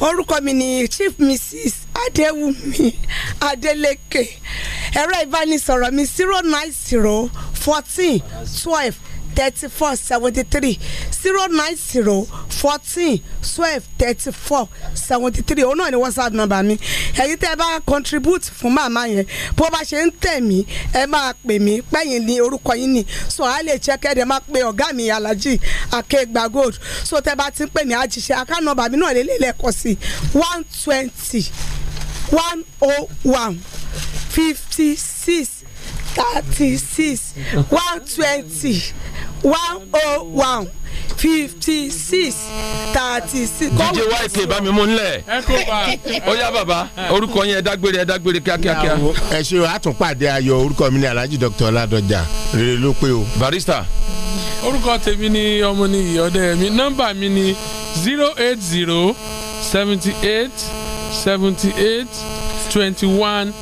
orúkọ mi ni chief mrs adéwùmí Adeleke. ẹ̀rọ ìbánisọ̀rọ̀ mi zero nine zero fourteen twelve thirty four seventy three zero nine zero fourteen twelve thirty four seventy three òun náà ni whatsapp number mi ẹ̀yin tẹ́ ẹ bá contribute fún màmá yẹn bó bá ṣe ń tẹ̀ mí ẹ máa pè mí pẹ́yìn ní orúkọ yín ni so a lè ṣe kẹ́ẹ̀dẹ̀ máa pe ọ̀gá mi alhaji akegba gold so tẹ́ bá ti ń pè mí àjíṣe account number mi náà lè lè lẹ́kọ̀ọ́ sí one twenty one oh one fifty six thirty six one twenty one oh one fifty six thirty six. jíjẹ wáìkì bá mi mú nílẹ̀ ó yá bàbá orúkọ yẹn ẹ dágbére ẹ dágbére kíákíá. ẹ ṣe àtúnpàdé ayọ̀ orúkọ mi ni alhaji dr ọládọjà rere ló pé o. barista. orúkọ tèmi ni ọmọ ni ìyọdẹ mi nọ́mbà mi ni zero eight zero seventy eight seventy eight twenty one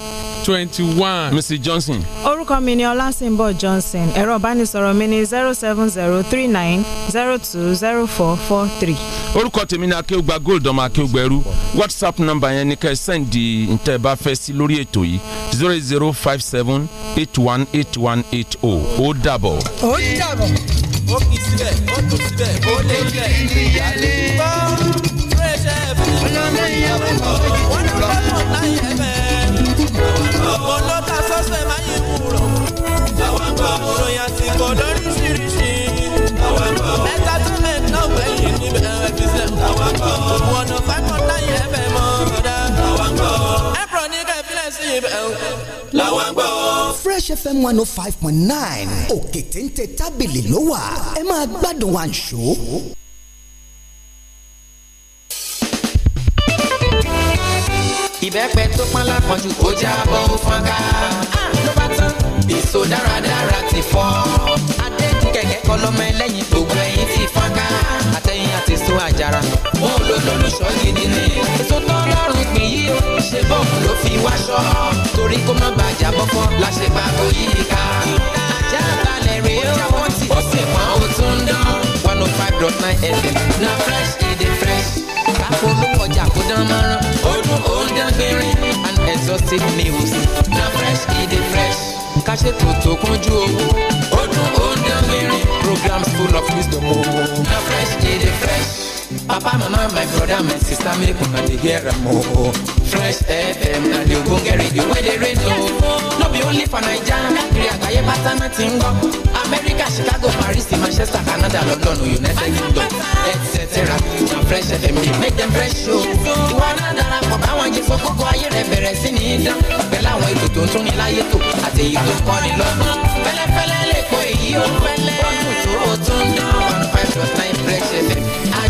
twenty one. Mr. Johnson. orúkọ mi ni Ọlásìnbọ̀ Johnson ẹ̀rọ ìbánisọ̀rọ̀ mi ni zero seven zero three nine zero two zero four four three. orúkọ tèmi ni akéwùgbà gold ọmọ akéwùgbà ẹrú whatsapp nọ́mbà yẹn ni ká ẹ sẹ́ǹdì ntẹ́ bá fẹ́ sí lórí ètò yìí zero zero five seven eight one eight one eight o oh. ó dàbọ̀. ó dàbọ̀. ó kì í síbẹ̀ ó kì síbẹ̀ ó lè lẹ̀ ìyálé. gbọ́ fresh air fún mi. ọlọ́mọ ìyàwó kan láyé ẹ̀fẹ̀ ọ̀pọ̀ lọ́tà sọ́sẹ̀ máa yẹ kú rọ̀. àwọn gbọ́ òròyìn àsìkò lóríṣiríṣi. àwọn gbọ́ mẹ́ta tó mẹ́ náà gbẹ̀yìn níbẹ̀ ẹ̀ fi sẹ́. àwọn gbọ́ ọ̀nà fákọ̀ láyé ẹ̀ bẹ̀ mọ́ ọ̀dà. àwọn gbọ́ ẹ̀pọ̀ ní kẹfílẹ̀ sí ibẹ̀ o. làwọn gbọ́. Fresh FM one oh five point nine òkè téńté tábìlì ló wà ẹ máa gbádùn wa ń ṣó. ìbẹ́pẹ tó pọ́n lápọ̀jù ó jábọ́ ó fọ́nká ló bá tán èso dáradára ti fọ́ adéjú kẹ̀kẹ́ kọ́ lọ́mọ ẹlẹ́yin gbogbo ẹ̀yìn ti fanga. àtẹ̀yìn àti èso àjàrà wọn ò lò lólùṣọ́ gidi ni èso tán lọ́rùn gbìn yìí ó ṣe bọ́ọ̀mù ló fi wáṣọ torí kó má bàjá bọ́fọ́ la ṣe pa kó yí i ká ajá balẹ̀ rèé ó sì pọ́n ó tún dán one oh five dot nine fm na fresh e dey fresh kápolówó ọjà kó dán mọ́rán ó dún òun dán gbinrin and exotic news na fresh e dey fresh ká ṣètò tó kúnjú owó ó dún òun dán gbinrin programs full of wisdom o na fresh e dey fresh. Papa, mama, my brother, my sister, make una dey hear am o. Oh, oh. Fresh FM na the ogbonge radio wey dey raise o. Oh. No be only for Naija, Nigeria, Gaye, Bata, nothing go. America, Chicago, Paris, Manchester, Canada, London, United Kingdom, etc. Na Fresh FM dey make dem fresh o. Ìwọ náà dára pọ̀ báwọn jẹ fún kókó ayé rẹ̀ bẹ̀rẹ̀ sí ní í dán. Pẹ̀lú àwọn ètò tó ń tún ní láyé tó àti èyí tó kọ́ ni lọ́nà. Fẹ́lẹ́fẹ́lẹ́ lè po èyí ó fẹ́lẹ́. Bọ́ọ̀lù tó o tún dán. One five dot nine Fresh FM.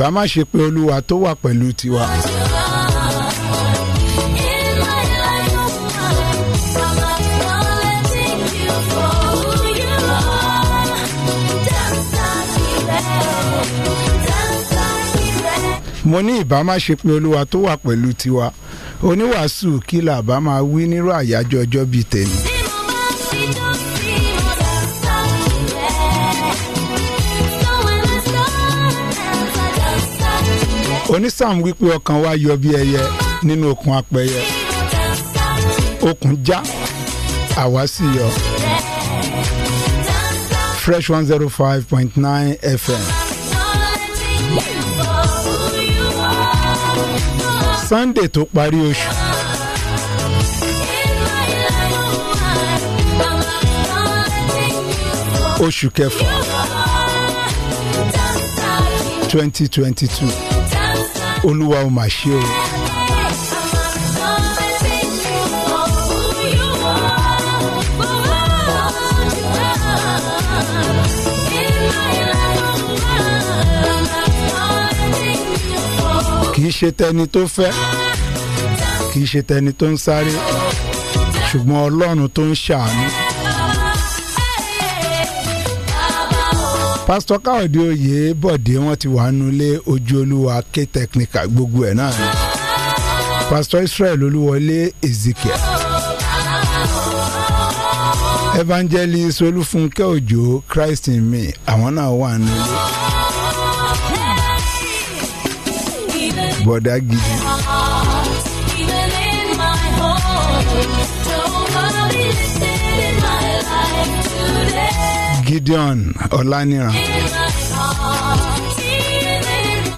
ìbá má ṣe pé olúwa tó wà pẹ̀lú tiwa. mo ní ìbá má ṣe pé olúwa tó wà pẹ̀lú tiwa oníwàásù kí làbá máa wí nírú àyájọ́ ọjọ́ bíi tèmi. onísàm wípé ọkàn wa yọ bí ẹyẹ nínú okùn apẹyẹ okùn já àwa sì yọ fresh one zero five point nine fm. sunday tó parí oṣù. oṣù kẹfà twenty twenty two olúwa ó mà ṣe o. kì í ṣe tẹni tó fẹ́ kì í ṣe tẹni tó ń sáré ṣùgbọ́n ọlọ́run tó ń ṣàánú. pásítọ̀ káyọ̀dé oyè bọ̀dé wọn ti wà nulẹ̀ ojú olúwa k technical gbogbo ẹ̀ náà ni pásítọ̀ israel olúwọlé ezekiel evangelist olúfúnkẹ́ òjò christ in me àwọn náà wà nulẹ̀ bọ̀dá gidi. Gideon Ọláníran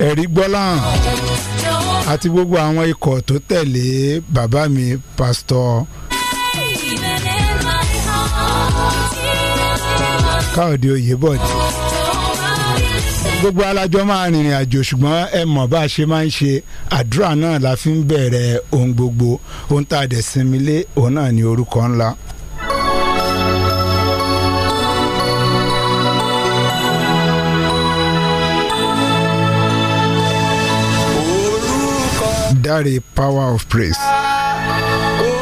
ẹ̀rí gbọ́láhàn àti gbogbo àwọn ikọ̀ tó tẹ̀lé bàbá mi pásítọ̀ Káyọ̀dé Oyèbọ̀dé gbogbo alájọ máa rìnrìn àjò ṣùgbọ́n ẹ mọ̀ bá a ṣe máa ń ṣe àdúrà náà la fi ń bẹ̀rẹ̀ ohun gbogbo ohun tá a dẹ̀ sinmi lé òun náà ní orúkọ ńlá. Daddy, power of praise. Oh,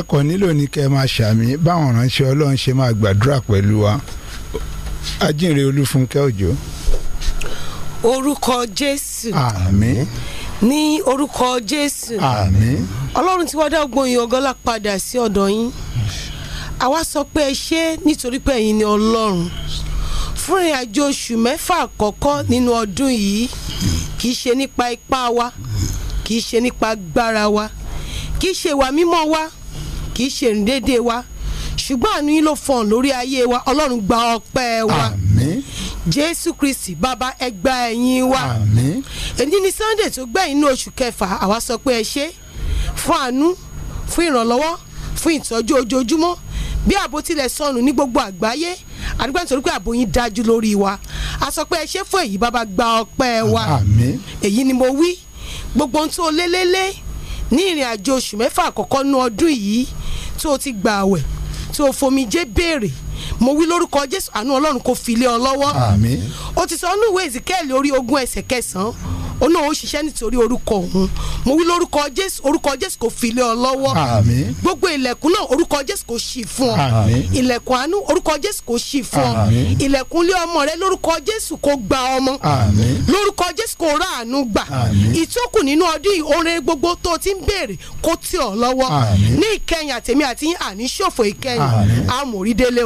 kẹ́kọ̀ọ́ nílò ní kẹ́ máa ṣàmì báwọn ránṣẹ́ ọlọ́run ṣe máa gbàdúrà pẹ̀lú wa ajínrere olúfúnkẹ́ òjò. orúkọ jésù. àmín. ní orúkọ jésù. àmín. ọlọ́run tí wọ́n dá gbóyin ọgọ́lá padà sí ọ̀dọ̀ yín àwa sọ pé ẹ ṣé nítorí pé ẹ̀yin ni ọlọ́run fún ìrìn àjò oṣù mẹ́fà àkọ́kọ́ nínú ọdún yìí kì í ṣe nípa ipá wa kì í ṣe nípa agbára wa kì í ṣe ìwà mímọ́ wa kì í ṣe ìrìndédé wa ṣùgbọ́n àánú yín ló fọ̀n lórí ayé wa ọlọ́run gba ọpẹ́ wa àmín jésù kristi bàbá ẹ gba ẹ̀yìn wa àmín èyí ni sunday tó gbẹ̀yìn ní oṣù kẹfà àwa sọ pé ẹ ṣé fún àánú fún ìrànlọ́wọ́ fún ìtọ́jú ojoojúmọ́ bí ààbò tilẹ̀ sọnù ní gbogbo àgbáyé àdúgbò nítorí pé ààbò yín dájú lórí wa a sọ pé ẹ ṣé fún èyí bàbá gba ọpẹ́ wa èyí ni mo wí gbogbo ohun tó lélẹ́lẹ́ ní ìrìn àjò oṣù mẹ́fà àkọ́kọ́ nú ọdún yìí tí o ti gbà àwẹ̀ tí o fomijé béèrè mo wí lórúkọ jésù àánú ọlọ́run kò fi lé ọ lọ́wọ́ àmín o ti sọ ọ́nú ìwé ìsìkẹ́ẹ̀lì orí ogún ẹsẹ̀ kẹsàn-án ó náà ó ṣiṣẹ́ nítorí orúkọ òun mo wí lórúkọ jésù orúkọ jésù kò fi lé ọ lọ́wọ́ gbogbo ilẹ̀kùn náà orúkọ jésù kò ṣì fún ọ ilẹ̀kùn àánú orúkọ jésù kò ṣì fún ọ ilẹ̀kùn ilé ọmọ rẹ lórúkọ jésù kò gba ọmọ lórúkọ jésù kò rà àánú gbà ìtókù nínú ọdún oore gbogbo tó ti ń béèrè kó tì ọ lọ́wọ́ ní ìkẹyìn àtẹ̀mí àti àní ìkẹyìn amòrídélé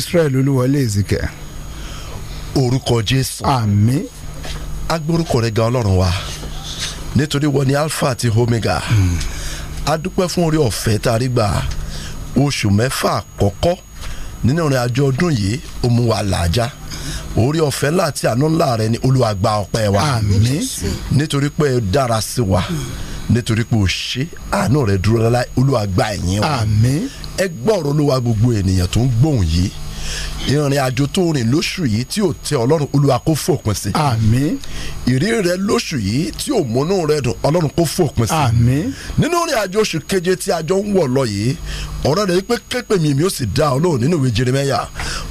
israel olúwọlé ezike orúkọ jésù. àmín. agbórúkọ rẹ ga ọlọ́run wa nítorí wọ́n ní alpha àti omega mm. a fún orí ọ̀fẹ́ tá gbà oṣù mẹ́fà àkọ́kọ́ nínú ìrìn àjò ọdún yìí ó mú wa làájá orí ọ̀fẹ́ láti àánú ńlá rẹ ni olúwa gba wa àmín nítorí pé dára sí wa hmm. nítorí pé o ṣe àánú rẹ dúró láláì olúwa ẹ̀yìn wa àmín ẹ gbọ́ ọ̀rọ̀ olúwa gbogbo ènìyàn tó ń gbóhùn yìí ìrìn àjò tó rìn lóṣù yìí tí ò tẹ́ ọlọ́run olúwa fòpin sí. àmín. ìrírí rẹ lóṣù yìí tí ò múnú rẹ dùn ọlọ́run kó fòpin sí. àmín. nínú ìrìn àjò oṣù keje tí a ń wọ̀ lọ yìí ọ̀rọ̀ rẹ̀ pé képe mi mi ò sì dá ọlọ́run nínú ìwé Jeremáyà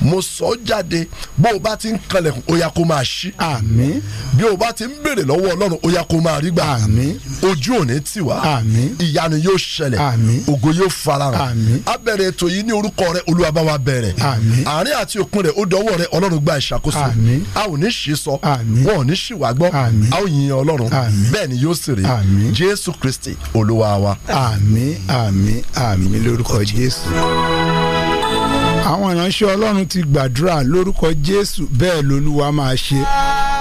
mo sọ ọ́ jáde bó o bá ti ń kanlẹ̀kùn ó yá kó máa ṣí. àmín. bí o bá ti ń béèrè lọ́wọ́ ọlọ́run ó yá kó máa rí gbà. àmín. ojú ò ní wá. àmín. ìyanu yóò ṣẹlẹ̀. àmín. ògo yóò farahàn. àmín. a ètò yìí ní orúkọ rẹ olúwa bá wa bẹ̀rẹ̀. àmín. àárín àti àti òpin rẹ̀ ó dọwọ́ rẹ̀ ọlọ́run gba ìṣàkóso a ò ní ṣì sọ wọn ò ní ṣì wá gbọ́ a ò yìn ọlọ́run bẹ́ẹ̀ ni yóò sì rí jésù kristi olúwa wa. àmín àmín àmín lórúkọ jésù. àwọn ìránṣẹ́ ọlọ́run ti gbàdúrà lórúkọ jésù bẹ́ẹ̀ lolúwa máa ṣe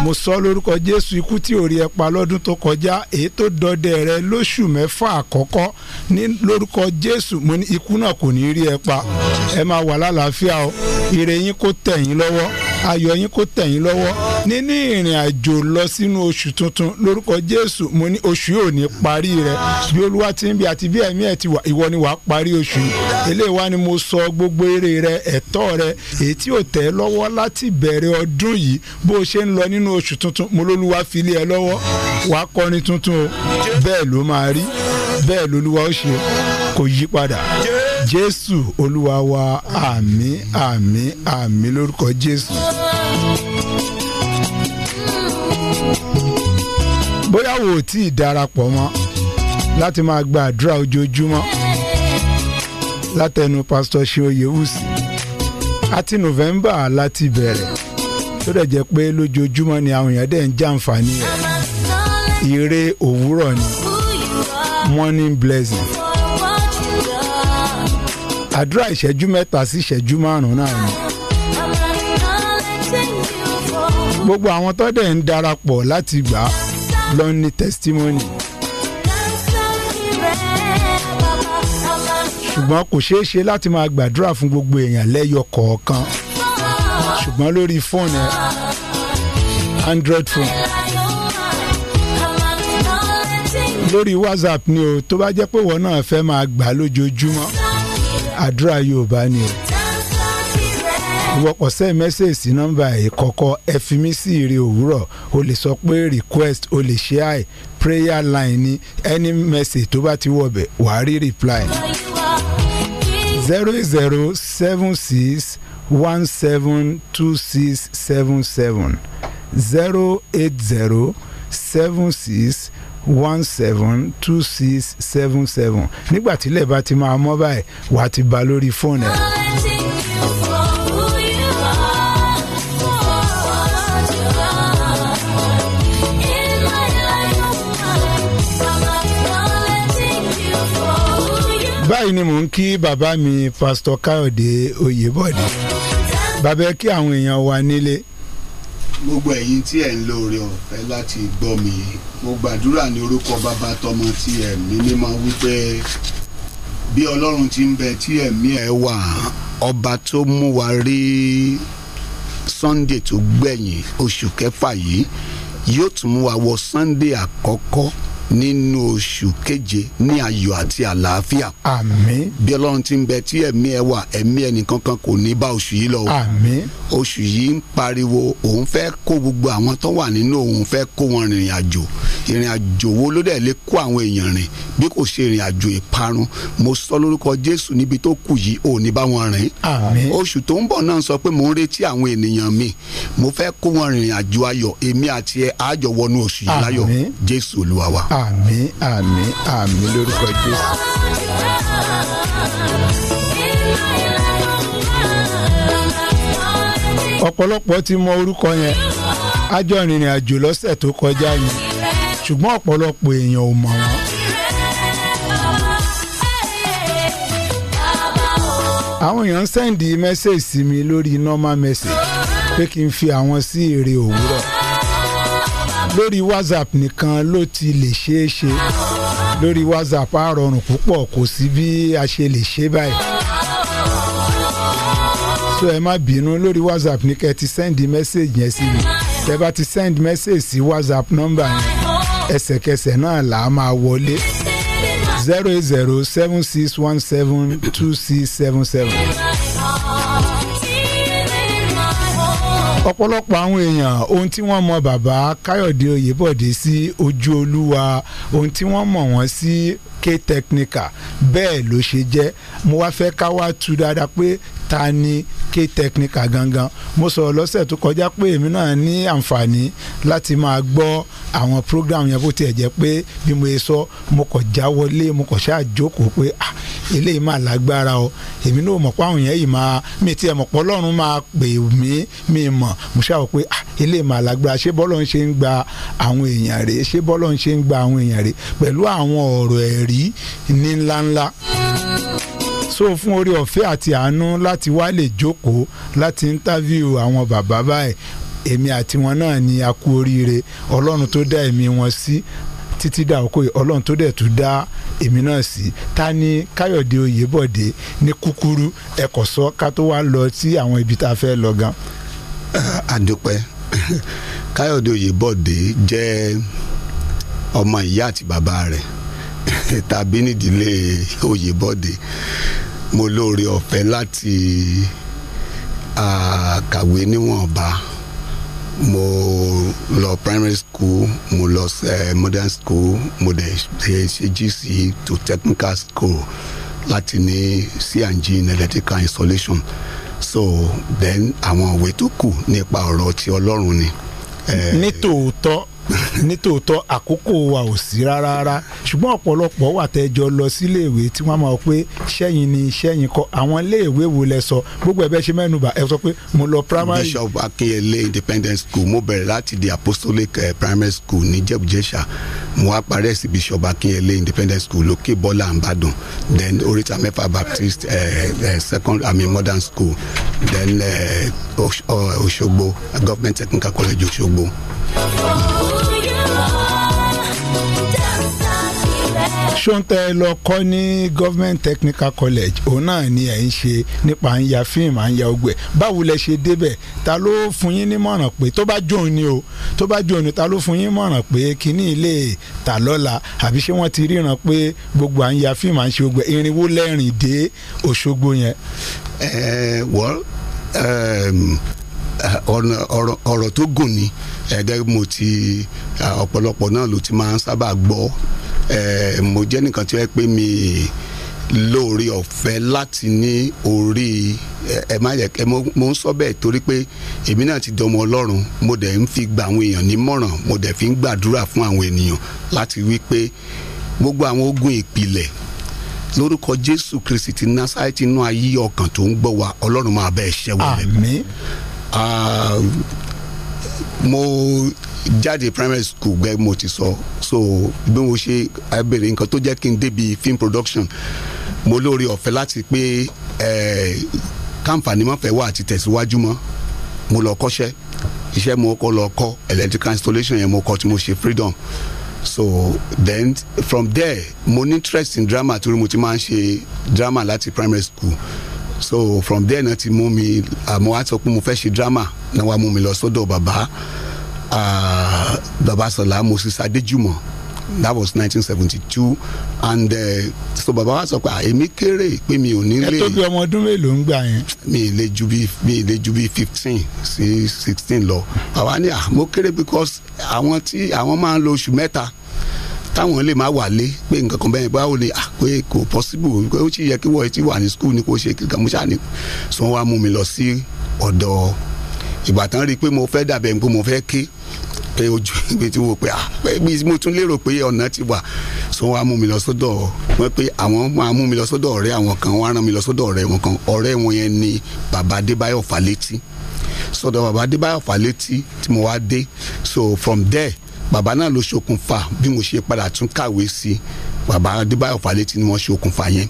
mo sọ lórúkọ jésù ikú tí ò rí ẹ pa lọ́dún tó kọjá èyí tó dọdẹ rẹ lóṣù mẹ́fà àkọ́kọ́ ní lórúkọ jésù mo ní ikú náà kò ní rí ẹ pa. Oh ẹ máa wà lálàáfíà o ire yín kó tẹ̀ yín lọ́wọ́ ayọ̀ yín kó tẹ̀ yín lọ́wọ́ níní ìrìn àjò lọ sínú oṣù tuntun lórúkọ Jésù mo ní oṣù yóò ní parí rẹ bí Olúwa ti ń bi àti bí ẹ̀mí ẹ̀ ti wà ìwọ ni wàá parí oṣù yìí eléyìí wá ni mo sọ gbogbo èrè rẹ ẹ̀tọ́ rẹ èyí tí ò tẹ̀ lọ́wọ́ láti bẹ̀rẹ̀ ọdún yìí bó o ṣe ń lọ nínú oṣù tuntun mo lólúwa fi lé ẹ lọ́wọ́ wàá kọrin tuntun o bẹ́ẹ̀ ló máa rí bẹ́ẹ̀ lolúwa ó ṣe kò yí padà jésù olúwa wa àmín àmín àmín lórúkọ jésù. bóyá wo ò tí ì darapọ̀ mọ́ láti máa gba àdúrà ojoojúmọ́ látẹnu pásítọ̀ ṣeoyè wùsì àti nọ́vẹ́mbà láti bẹ̀rẹ̀ tó dẹ̀ jẹ́ pé lójoojúmọ́ ni àwọn èèyàn dẹ̀ ń jàǹfààní rẹ̀ ire òwúrọ̀ ni morning blessing àdúrà ìṣẹ́jú mẹ́ta sí ìṣẹ́jú márùn-ún náà ni. gbogbo àwọn tó dẹ̀ ń darapọ̀ láti gbà lọ ní testimony. ṣùgbọ́n kò ṣeé ṣe láti máa gbàdúrà fún gbogbo èèyàn lẹ́yọ kọ̀ọ̀kan ṣùgbọ́n lórí fóònù ẹ̀ android phone lórí whatsapp ni o tó bá jẹ́ pé ìwọ náà fẹ́ máa gbà lójoojúmọ́ àdúrà Yorùbá ni o ìwọ́pọ̀ sẹ́ẹ̀ mẹ́sẹ̀ẹ̀sì sí nọ́mbà ìkọ̀kọ̀ ẹ̀fímísì ìrì òwúrọ̀ o lè sọ pé request o lè ṣe àì prayer line ni any message tó bá ti wọ̀bẹ̀ wàá rí reply. zero zero seven six one seven two six seven seven zero eight zero seven six one seven two six seven seven nígbà tílẹ̀ bá ti máa mọ́ báyìí wàá ti ba lórí fóònù ẹ̀. báyìí ni mò ń kí bàbá mi pásítọ̀ káyọ̀dé oyèbọ̀dé bàbá kí àwọn èèyàn wa nílé gbogbo ẹ̀yin tí ẹ̀ ń lo oore ọ̀fẹ́ láti gbọ́ mi mo gbàdúrà ní orúkọ bàbá tọmọ tí ẹ̀mí mímọ́ wípé bí ọlọ́run ti ń bẹ tí ẹ̀mí ẹ̀ wà ọba tó mú wa rí sunday tó gbẹ̀yìn oṣù kẹfà yìí yóò tún mú wa wọ sunday àkọ́kọ́ nínú oṣù keje ní ayọ̀ àti àlàáfíà. àmín. bí ọlọ́run ti ń bẹ tí ẹ̀mí ẹ wà ẹ̀mí ẹnìkankan kò ní bá oṣù yìí lọ. àmín. oṣù yìí ń pariwo òun fẹ́ kó gbogbo àwọn tó wà nínú òun fẹ́ kó wọn rìnrìn àjò ìrìn àjò wo ló dẹ̀ lè kó àwọn èèyàn rìn bí kò ṣe ìrìn àjò ìparun mo sọ lórúkọ jésù níbi tó kù yìí ò ní bá wọn rìn. àmín. oṣù tó ń bọ̀ náà sọ pé mò ń retí àwọn ènìyàn mi mo fẹ́ kó wọn rìnrìn àjò ayọ̀ èmi àti ẹ àjọwọnú oṣù yìí láyọ̀ jésù olúwa wa àmín àmín àmín lórúkọ Jésù. ọ̀pọ̀lọpọ̀ ti mọ orúkọ yẹn a jọ rìnrìn àjò lọ́sẹ̀ tó kọjá yẹn ṣùgbọ́n ọ̀pọ̀lọpọ̀ èèyàn ò mọ̀ wọ́n. àwọn èèyàn ń sẹ́ǹdì mẹ́sẹ̀gì sí mi lórí normal message pé kí n fi àwọn sí èrè òwúrọ̀ lórí WhatsApp nìkan ló ti lè ṣeé ṣe lórí WhatsApp á rọrùn púpọ̀ kò sí bí a ṣe lè ṣe báyìí so ẹ má bínú lórí WhatsApp ní kẹ́ ẹ ti send message yẹn sí mi tẹ́ bá ti send message sí WhatsApp number yẹn ẹsẹ̀kẹsẹ̀ náà là á máa wọlé zero eight zero seven six one seven two six seven seven. ọ̀pọ̀lọpọ̀ àwọn èèyàn ohun tí wọ́n mọ bàbá Káyọ̀dé Oyèbọ̀dé sí ojú olúwa ohun tí wọ́n mọ̀ wọ́n sí k technical bẹ́ẹ̀ ló ṣe jẹ́ mo wá fẹ́ ká wá tu dáadáa pé ta ni k technical gangan mo sọ̀rọ̀ lọ́sẹ̀ tó kọjá pé èmi náà ní àǹfààní láti máa gbọ́ àwọn program yẹn bó tiẹ̀ jẹ́ pé bí mo ṣe sọ mo kọ̀ já wọlé mo kọ̀ ṣáà jókòó pé ah eléyìí máa lágbára o èmi náà mọ̀ pé àwọn yẹn yìí máa mi tiẹ̀ mọ̀ pé ọlọ́run máa pè mí mi mọ̀ mo ṣáà wọ pé ah eléyìí máa lágbára ṣé bọ́lọ́run ṣe ń gba àwọn èèyàn rè ṣé bọ́lọ́run ṣe ń gba àwọn èèyàn rè pẹ̀lú àwọn ọ̀rọ̀ ẹ̀rí rí ní ńláńlá so fún orí ọ̀fẹ́ àti àánú láti wá lè jókòó láti interview àwọn bàbá báyìí èmi àti wọn náà ni a kú oríire ọlọ́run tó dá ẹ̀mí wọn sí títí dà ó kó ọlọ́run tó dẹ̀ tún dá èmi náà sí ta ni káyọ̀dé oyèbọ̀dé ní kúkúrú ẹ̀kọ́ sọ ká tó wá lọ sí àwọn ibi tá a fẹ́ lọ gan. àdúpẹ́ káyọ̀dé oyèbọ̀dé jẹ́ ọmọ ìyá àti bàbá rẹ̀ tàbí nídìílé Oyèbọ́dé mo lóore ọ̀fẹ́ láti kàwé níwọ̀nba mo lọ primary school mo lọ modern school mo dẹ̀ ṣe GC to technical school láti ní C&G in electrical installation so then àwọn òwe tó kù nípa ọ̀rọ̀ ti Ọlọ́run ni. ní tòótọ́ nítòótọ́ àkókò wa ò sí rárá rárá ṣùgbọ́n ọ̀pọ̀lọpọ̀ wà tẹ́jọ lọ síléèwé tí wọ́n máa pé sẹ́yìn ni sẹ́yìn kọ́ àwọn iléèwé wo lẹ sọ gbogbo ẹ̀bẹ̀ ṣe mẹ́nuba ẹ sọ pé mo lọ primary. Bishop Akinyele Independent School mo bẹ̀rẹ̀ láti the Apostolic uh, Primary School ní Jẹ́bùjẹ́sà mo wá parẹ́ sí Bishop Akinyele Independent School lókè Bọ́lá àǹbàdàn then Oríta Mẹ́fà Baptist uh, uh, Second I mean Modern School then Òṣogbo uh, Os uh, Government Technical College Òṣogbo. ṣóńtẹ́ lọ kọ́ ní government technical college òun náà ni ẹ̀ ń ṣe nípa à ń ya fíìmù à ń ya ogbẹ̀ báwo lẹ ṣe débẹ̀ ta ló fún yín ní mọ̀ràn pé tó bá jòun ni o tó bá jòun ni ta ló fún yín mọ̀ràn pé kíní ilé ta lọ́la àbí ṣé wọ́n ti ríran pé gbogbo à ń ya fíìmù à ń ṣe ogbẹ̀ irinwó lẹ́rìn dé Òṣogbo yẹn. ẹ ẹ wọ um, ọ̀rọ̀ tó gùn ni ẹ̀ẹ́dẹ́ mo ti ọ̀pọ̀lọpọ̀ náà ló ti máa ń sábà gbọ́ Eh, mo jẹ́ nìkan tí wọ́n pè mí lóore ọ̀fẹ́ láti ní orí ẹ má yẹ ẹ mo ń sọ bẹ́ẹ̀ torí pé èmi náà ti dọmọ Ọlọ́run mo dẹ̀ ń fi gba àwọn èèyàn nímọ̀ràn mo dẹ̀ fi ń gbàdúrà fún àwọn ènìyàn láti wí pé gbogbo àwọn ogun ìpìlẹ̀ lórúkọ Jésù Kristi ti Násárẹ́tì inú ayé ọkàn tó ń gbọ́ wa Ọlọ́run máa bẹ́ẹ̀ ṣẹ́wọ̀n rẹ̀ mo jáde primary school gbẹ mo ti sọ so bí mo ṣe abèrè nǹkan tó jẹ́ kí n débi film production mo lóore ọ̀fẹ́ láti pé káǹfààní mọ́fẹ́ wà àti tẹ̀síwájú mọ́ mo lọ kọ́ṣẹ́ iṣẹ́ mo kọ́ lọ kọ́ electrical installation yẹn mo kọ́ tí mo ṣe freedom so then from there mo ní interest in drama torí mo ti máa ń ṣe drama láti primary school so from there náà ti mú mi àmọ́ á sọ pé mo fẹ́ ṣe drama ni wọ́n á mú mi lọ sọ́dọ̀ bàbá bàbá sọ̀lá moses adéjùmọ̀ that was nineteen seventy two and uh, so baba wa sọ pé èmi kéré pé mi ò nílé. ẹ tó bí ọmọ ọdún mélòó ń gbà yẹn. mi ì lè ju bí mi ì lè ju bí fifteen sí sixteen lọ bàbá ni à mo kéré because àwọn tí àwọn máa ń lo oṣù mẹ́ta táwọn lè máa wà lé pé nǹkan kan bẹ́ẹ̀ báwo ni pé kò possible pé ó sì yẹ kí wọ́n ti wà ní school ni kò ṣe kíkà mo ṣáà so wọ́n wá mú mi lọ sí ọ̀dọ̀ ìgbà tán rí i pé mo fẹ́ dàbẹ̀ pé mo fẹ́ ké pé ojú ibi tí mo pè á bí mo tún lérò pé ọ̀nà ti wà so wọ́n á mú mi lọ sọ́dọ̀ wọ́n pé àwọn máa mú mi lọ sọ́dọ̀ ọ̀rẹ́ àwọn kan wọ́n á rán mi lọ sọ́dọ̀ ọ̀rẹ́ wọn kan ọ̀rẹ́ wọn yẹn ni bàbá Adébáyọ̀ Fálétí sọ́dọ̀ bàbá Adébáyọ̀ Fálétí tí mo wá dé so from there bàbá náà ló ṣokùnfà bí mo ṣe padà tún kàwé sí bàbá Adébáyọ̀ Fálétí ni wọ́n ṣokùnfà yẹn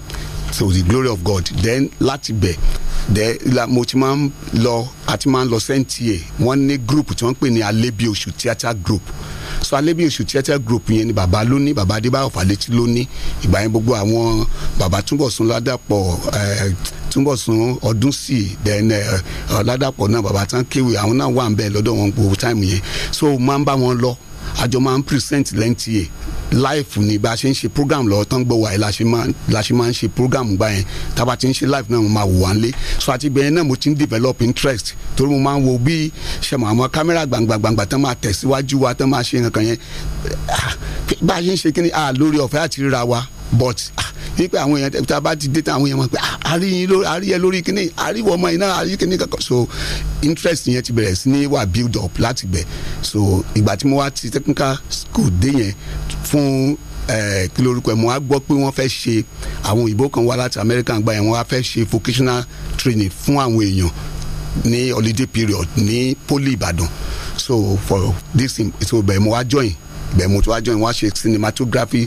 so the glory of God then láti bẹ̀ then mo ti máa ń lọ àti máa ń lọ sẹ́ńtìyè wọ́n ní group tí wọ́n ń pè ní Alebiosu theatre group so Alebiosu theatre group yẹn ni bàbá ló ní bàbá Adébáyọ̀ Fálétí ló ní ìgbà yẹn gbogbo àwọn bàbá Túnbọ̀sún Ládàpọ̀ ẹ̀ Túnbọ̀sún Ọdúnsì then ẹ̀ Ládàpọ̀ náà bàbá tán kéwì àwọn náà wà ń bẹ̀ lọ́dọ̀ wọn gbogbo táìmù yẹn so máa ń bá wọn lọ àjọ máa ń present lẹ́ǹtì yẹ live ni bá a ṣe ń ṣe program lọ tán gbọ́ wáyé la ṣe máa ń ṣe program gbà yẹn tába ti ń ṣe live náà mo máa wò wá nílé so àti bẹ́ẹ̀ náà mo ti ń develop interest torí mo máa ń wo bí ṣẹ̀mọ̀ àwọn kámẹ́rà gbàngbàngbà tán máa tẹ̀síwájú wa tán máa ṣe nǹkan yẹn ah, bá a ṣe ń ṣe kí ni a ah, lórí ọ̀fẹ́ àti ríra wa but ah, wípé àwọn èèyàn tí a bá ti dé tán àwọn èèyàn mọ̀ pé àríyẹ ah, lórí kíní àríwọ̀ ọmọ iná àríyẹ kíní kankan so interest yẹn ti bẹ̀rẹ̀ sí ní wà build up láti gbẹ̀ so ìgbà tí mo wá ti technical school dé yẹn fún eh, kí lorúkọ ẹ mo á gbọ́ pé wọ́n fẹ́ ṣe àwọn òyìnbó kan wá láti America gba yẹn wọ́n á fẹ́ ṣe vocational training fún àwọn èèyàn ní holiday period ní poli Ìbàdàn so for this so bẹ́ẹ̀ mo wá join bẹ́ẹ̀ mo ti wá join wá ṣe cinematography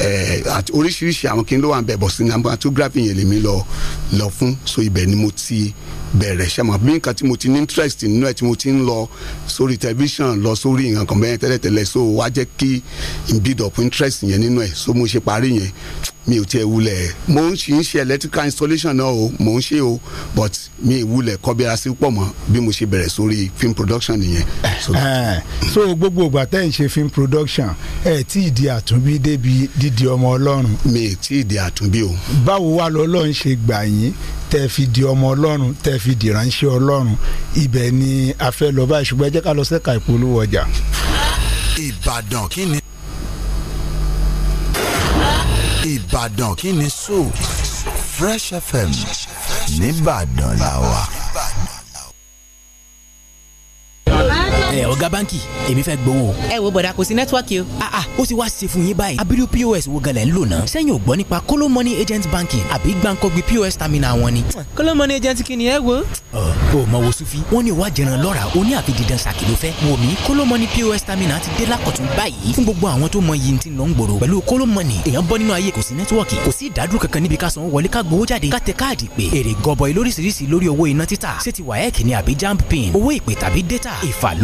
eh, àti oríṣiríṣi àwọn kí n ló wà ń bẹ̀ bọ̀ cinematography yẹn lèmi lọ lọ fún so ibẹ̀ ni mo ti bẹ̀rẹ̀ ṣe mọ̀ bí nǹkan tí mo ti ní interest nínú ẹ̀ tí mo ti ń lọ sórí tẹlifíṣàn lọ sórí nǹkan kan bẹ́yẹn tẹ́lẹ̀tẹ́lẹ̀ so wá jẹ́ kí n build up interest yẹn nínú ẹ̀ so mo ṣe parí yẹn mi ò tiẹ̀ wulẹ̀ mo ń ṣe ń ṣe electrical installation náà o mo ń ṣe o but mi ì wulẹ̀ kọ́bíra sí pọ̀ mọ́ bí mo ṣe bẹ̀rẹ̀ sórí film production nìyẹn. so eh, eh. gbogbo ìgbà tẹ́ ń ṣe film production ẹ̀ tí ì di àtúnbí débi dídi ọmọ ọlọ́run. mi ì tí ì di àtúnbí o. báwo wá lọ́lọ́run ṣe gbà yín tẹ́ fi di ọmọ ọlọ́run tẹ́ fi di ránṣẹ́ ọlọ́run ibẹ̀ ni a fẹ́ lọ báyìí ṣùgbọ́n ẹ ká lọ sẹ́ka ìpolówó ọjà. ìbàdàn kí ni. ìbàdàn kí ni so fresh fm nìbàdàn làwà ẹ eh, ọ̀gá báǹkì èmi fẹ́ gbowó. ẹ wo bọ̀dà kò sí nẹ́tíwọ́ọ̀kì o. a ah, a ah, ó ti wá ṣe fún yín báyìí abiru pos wo gẹlẹ̀ ń lò náà sẹ́yìn ò gbọ́ nípa kóló mọ́ni agent banking àbí gbàǹkọ́gbì pos terminal wọn ni. kóló mọ́ni agent kí ni ẹ wo. ọ o mọ wo sufi wọn ni wàá jẹran lọ́ra o ní àfi didan ṣàkì ló fẹ́ wò mí kóló mọ́ni pos terminal ti dé lákọ̀tún báyìí fún gbogbo àwọn tó mọ yìí ti lọ ń gbòòrò pẹ̀lú kóló mọ́ni èèyàn bọ́ nínú ayé kò sí nẹ́tíwọ́ọ̀kì kò sí ìdádúró kankan níbi ká sanwó wọlé ká gbowó jáde ká tẹ káàdì pé èrè gọbọi lóríṣiríṣi lórí owó iná títà ṣé ti wáyẹ̀kì ni àbí jamb pin owó ìpè tàbí data ìfàl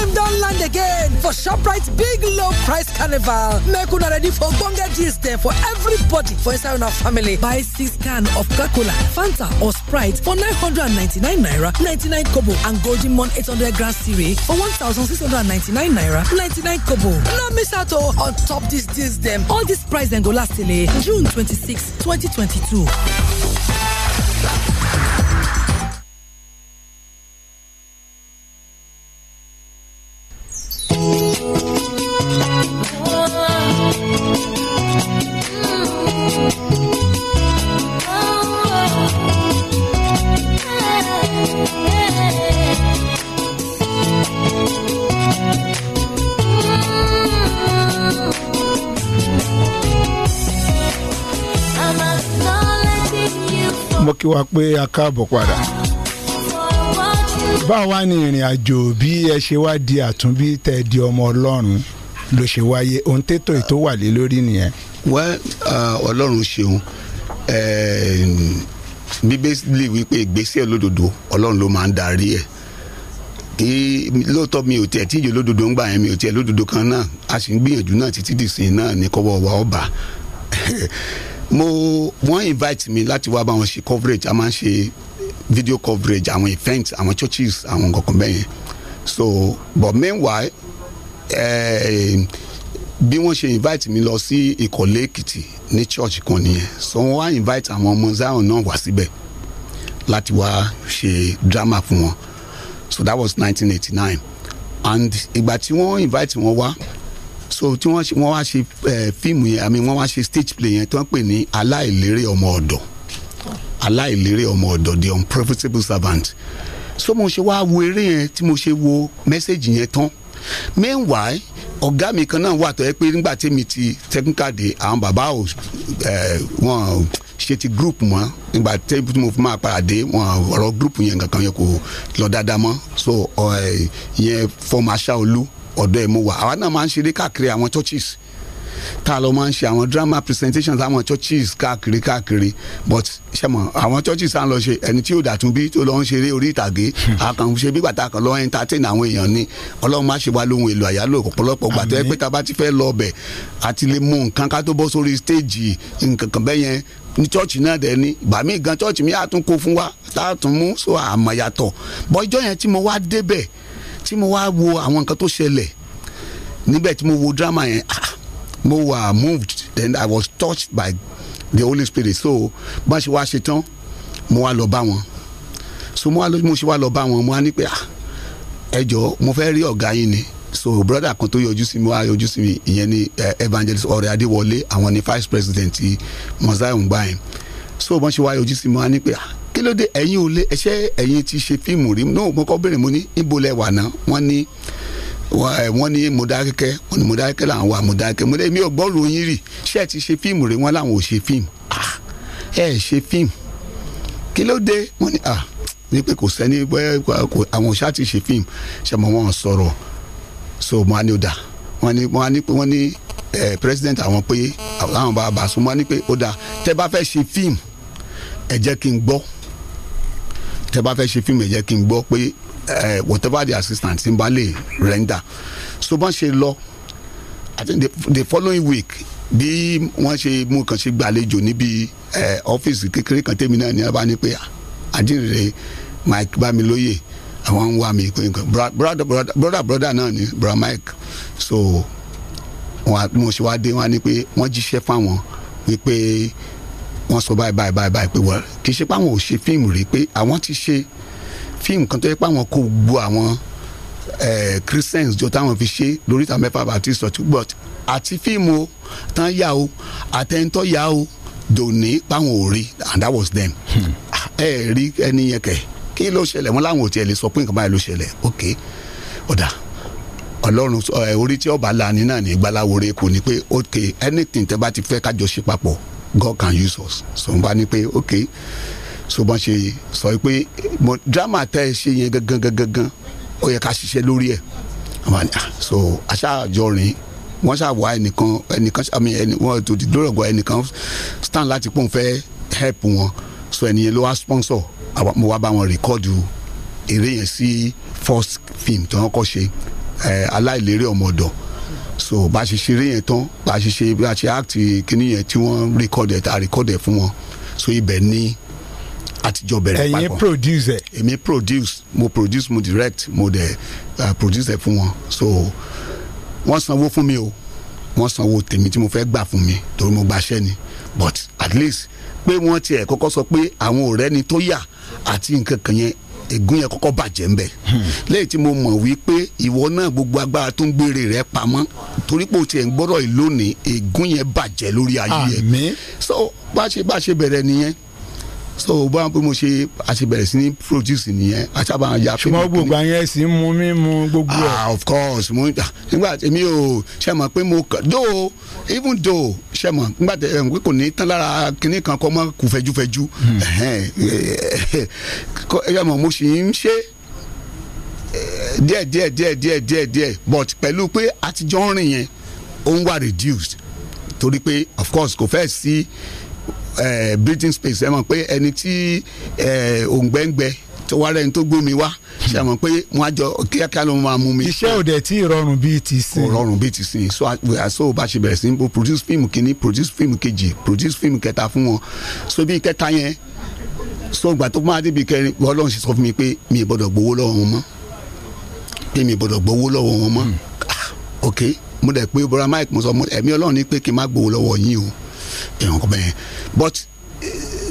time don land again for shoprite big low price carnival make una ready for ogbonge deals dem for everybody for inside our family buy six can of coca-cola fanta or sprite for 999 naira 99 kobo and golden mon 800 grand siri for 1699 naira 99 kobo no miss out on top these deals them. all these prices dem go last till eh, june 26 2022 pé a káàbọ̀ padà. báwa ni ìrìn àjò bí ẹ ṣe wá di àtúnbí tẹ́ di ọmọ ọlọ́run ló ṣe wáyé ohun tètò ètò wà lé lórí nìyẹn. wẹ́ ọlọ́run ṣeun bíbélì wípé ìgbésẹ̀ lódodo ọlọ́run ló máa ń darí ẹ̀ tí lóòótọ́ mi ò tiẹ̀ tí ìjọ lódodo ń gbà yẹn mi ò tiẹ̀ lódodo kan náà a sì ń gbìyànjú náà títí dìsìn náà ní kọ́wọ́ wa ọba mo wọ́n invite mi láti wá bá ṣe coverage a máa ń ṣe video coverage àwọn events àwọn churches àwọn nǹkan kan so but meanwhile eh, bí wọ́n ṣe invite mi lọ sí ìkọ̀lé èkìtì ní church kan nìyẹn so wọ́n wá invite àwọn ọmọ zion náà wá síbẹ̀ láti wá ṣe drama fún wọn so that was 1989 and ìgbà tí wọ́n invite wọn wá so tí wọ́n wọ́n wá ṣe fíìmù yẹn àmì wọ́n wá ṣe stage play yẹn tí wọ́n pè ní aláìlérè ọmọ ọ̀dọ̀ aláìlérè ọmọ ọ̀dọ̀ the unprofitable servant so mo ṣe wá wo eré yẹn tí mo ṣe wo mẹ́sẹ̀gì yẹn tán meanwhile ọ̀gá mi kan náà wà tó yẹ pé nígbà tí mi ti technical àwọn bàbá ò wọn ṣe ti group mọ́ nígbà tí mo fi máa padà dé wọn ọ̀rọ̀ group yẹn kankan yẹn kò lọ dáadáa mọ́ so yẹn fọmọ aṣáolú ọ̀dọ̀ ẹ̀ mo wà àwa náà máa ń ṣeré káàkiri àwọn churches tá a lọ máa ń ṣe àwọn drama presentations àwọn churches káàkiri káàkiri but ṣẹmọ àwọn churches à ń lọ ṣe ẹni tí yóò dàtún bí tó lọ ń ṣeré orí ìtàgé àkàn ṣe bí bàtà kan lọ ń entertain àwọn èèyàn ni ọlọ́run má ṣe wá lóhun èlò àyálò ọ̀pọ̀lọpọ̀ gbà tó pé tá ti fẹ́ lọ ọbẹ̀ àti lè mú nǹkan ká tó bọ́ sórí stage nǹkan kan bẹ́yẹn ní chọ́ọ̀chì náà dẹ̀ ni ìgbà míì gan chọ́ọ̀chì mi àtúnkò fún wa tá a tún mú so àmọ̀ yàtọ̀ bọ́ ìjọ yẹn tí mo wá débẹ̀ tí mo wá wo àwọn nǹkan tó ṣẹlẹ̀ níbẹ̀ tí mo wo drama yẹn ah, mo wà moved then I was touched by the Holy Spirit so bá ṣe wá ṣe tán mo wá lọ bá wọn so mo ṣe wá lọ bá wọn mo wá ní pé ah, ẹ jọ mo fẹ́ rí ọ̀gá yín ni so brother kan tó yọjú sí mi wá yọjú sí mi ìyẹn ni eh, evangelist ọ̀rẹ́ adéwọlé àwọn ni vice president ti mosaic ngbayin so bọ́n ṣe wá yọjú sí mi wá ní pé ah, kí ló dé ẹ̀yin ò lé ẹ̀ṣẹ́ ẹ̀yin ti ṣe fíìmù rí náà mo kọ́ bèrè mo ní ibo lẹ wà náà wọ́n ní wọ́n ní Mọdákẹ́kẹ́ wọ́n ní Mọdákẹ́kẹ́ làwọn wà Mọdákẹ́kẹ́ mo lé mi ò gbọ́rù yín rì ṣé ẹ ti ṣe fíìmù rí wọ́n làwọn ò ṣe fíìmù ah, ẹ ṣe fíìmù kí wọ́n ní ah, ní pé kò sẹ́ni àwọn òṣà ti ṣe fíìmù ṣe mọ wọn sọ̀rọ̀ so mo á ní ó dà wọ́n ní wọ́n ní wọ́n ní president àwọn pé àwọn bá a bá so mo á ní pé ó dà tẹ́ bá fẹ́ ṣe fíìmù ẹ jẹ́ kí n gbọ́ tẹ bá fẹ́ ṣe fíìmù yẹ kí n gbọ́ pé whatever the assistant ti bá lè render so bọ́n ṣe lọ i think the, the following week bí wọ́n ṣe mú kan ṣe gbàlejò níbi ẹ ọ́fíìsì kékeré kan tèmi náà ní abá ní pé ah, àdínrere Mike Bámilóyè àwọn ń wá mi pé nǹkan brother brother náà ni brother Mike so wọn mo ṣe wá dé wọn ni pé wọ́n jíṣẹ́ fáwọn wípé wọ́n sọ báyìí báyìí báyìí pé wọ́n kì í ṣe pé àwọn ò ṣe fíìmù rí pé àwọn ti ṣe fíìmù kan tó yẹ pé àwọn kò gbọ́ àwọn christians jọ táwọn fi ṣe lórí ìta mẹ́fà àti ìsọ̀tún but àti fíìmù o tán yà o àtẹ̀ntọ́ yà o dòní páwọn ò rí and that was them hmm. ẹ rí ẹni yẹn kẹ kí ló ṣẹlẹ̀ wọn láwọn ò tiẹ̀ lè sọ pé nǹkan báyìí ló ṣẹlẹ̀ ok ọ̀dà. Okay ọlọ́run orí tí ọba lani náà ní gbaláwo rẹ kò ní pé ok anything tẹ bá ti fẹ́ kájọ ṣe papọ̀ God can use us so n bá ní pé ok so bọ́n ṣe sọ pé mo drama tẹ́ ẹ ṣe yẹn gangan gangan gan ó yẹ ká ṣiṣẹ́ lórí ẹ̀ ah, so aṣáájọ rìn wọ́n ṣàwọ̀ ẹnìkan ẹnìkan àmì ẹni wọ́n tó di lórọ̀gọ́ ẹnìkan stand láti pọ̀ ń fẹ́ help wọn so ẹni yẹn ló wá sponsor mo wá bá wọn rìkọ́dù eré yẹn sí first film tí wọ́n kọ́ ṣe aláìlérè ọmọ ọ̀dọ̀ so bá a ṣe ṣeré yẹn tán bá a ṣe ṣe bá a ṣe act kínní yẹn tí wọ́n record ẹ̀ tá a record ẹ̀ fún wọn so ibẹ̀ ni àtijọ́ bẹ̀rẹ̀ papọ̀ ẹ̀yin produce ẹ̀. èmi produce mo produce mo direct mo dẹ̀ uh, produce ẹ̀ fún wọn so wọ́n sanwó fún mi o wọ́n sanwó tèmi tí mo fẹ́ gbà fún mi torí mo gbaṣẹ́ ni but at least pé wọ́n tiẹ̀ kọ́kọ́ sọ pé àwọn ọ̀rẹ́ ni tó yà àti nǹkan kan yẹn ègún yẹn kọ́kọ́ bàjẹ́ ńbẹ hmm. lẹ́yìn tí mo mọ̀ wípé ìwọ náà gbogbo agbára tó ń gbére rẹ pamọ́ torí pé o tiẹ̀ ń gbọ́dọ̀ ìlónìí ègún yẹn bàjẹ́ lórí ayé yẹn so bá ṣe bá ṣe bẹ̀rẹ̀ nìyẹn so bá wọn pé mo ṣe àṣebẹ̀rẹ̀ sí ní produce nìyẹn àṣàbà ya ṣùgbọ́n gbogbo àyẹn sì ń mu mí gbogbo ẹ̀. ah of course mo nígbà tí mi ò ṣe mọ̀ pé mo though even though ṣe mọ̀ nígbà tí ẹ̀ ń pé kò ní tán lára kinní kan kọ́ mọ́ kù fẹjúfẹjú hmm. ṣe mọ̀ mo sì ń ṣe díẹ̀ díẹ̀ díẹ̀ díẹ̀ díẹ̀ díẹ̀ but pẹ̀lú pé àtijọ́ rìn yẹn ó ń wà reduced torí pé of course kò fẹ́ sí. Si, Eh, breathing space ẹ mọ̀ pé ẹni tí eh, òǹgbẹ́ǹgbẹ́ tó wá rẹ́ni tó gbómi wá ṣe àmọ́ pé wọ́n á jọ kíákíá ló máa mú mi. iṣẹ́ ò dẹ̀ tí ìrọ̀rùn bíi ti sìn. kò rọrùn bíi ti sìn so àṣọ bá ṣe bẹ̀rẹ̀ sí ní produce fíìmù kìíní produce fíìmù kejì produce fíìmù kẹta fún wọn so bí kẹta yẹn so ìgbà tó máa débi kẹrin ọlọ́run sì sọ fún mi pé mi ì gbọ́dọ̀ gbowó lọ́wọ́ wọn mọ́ pé mi ì gbọ́dọ̀ gbowó lọ́wọ́ wọn mọ́ hmm. ah, ok mo dẹ̀ pé bọ́ra mike mo sọ ẹ̀mí ọlọ́run ní pé kí n má gbowó lọ́wọ́ yín o ìwọ̀n kan bẹ́ẹ̀ but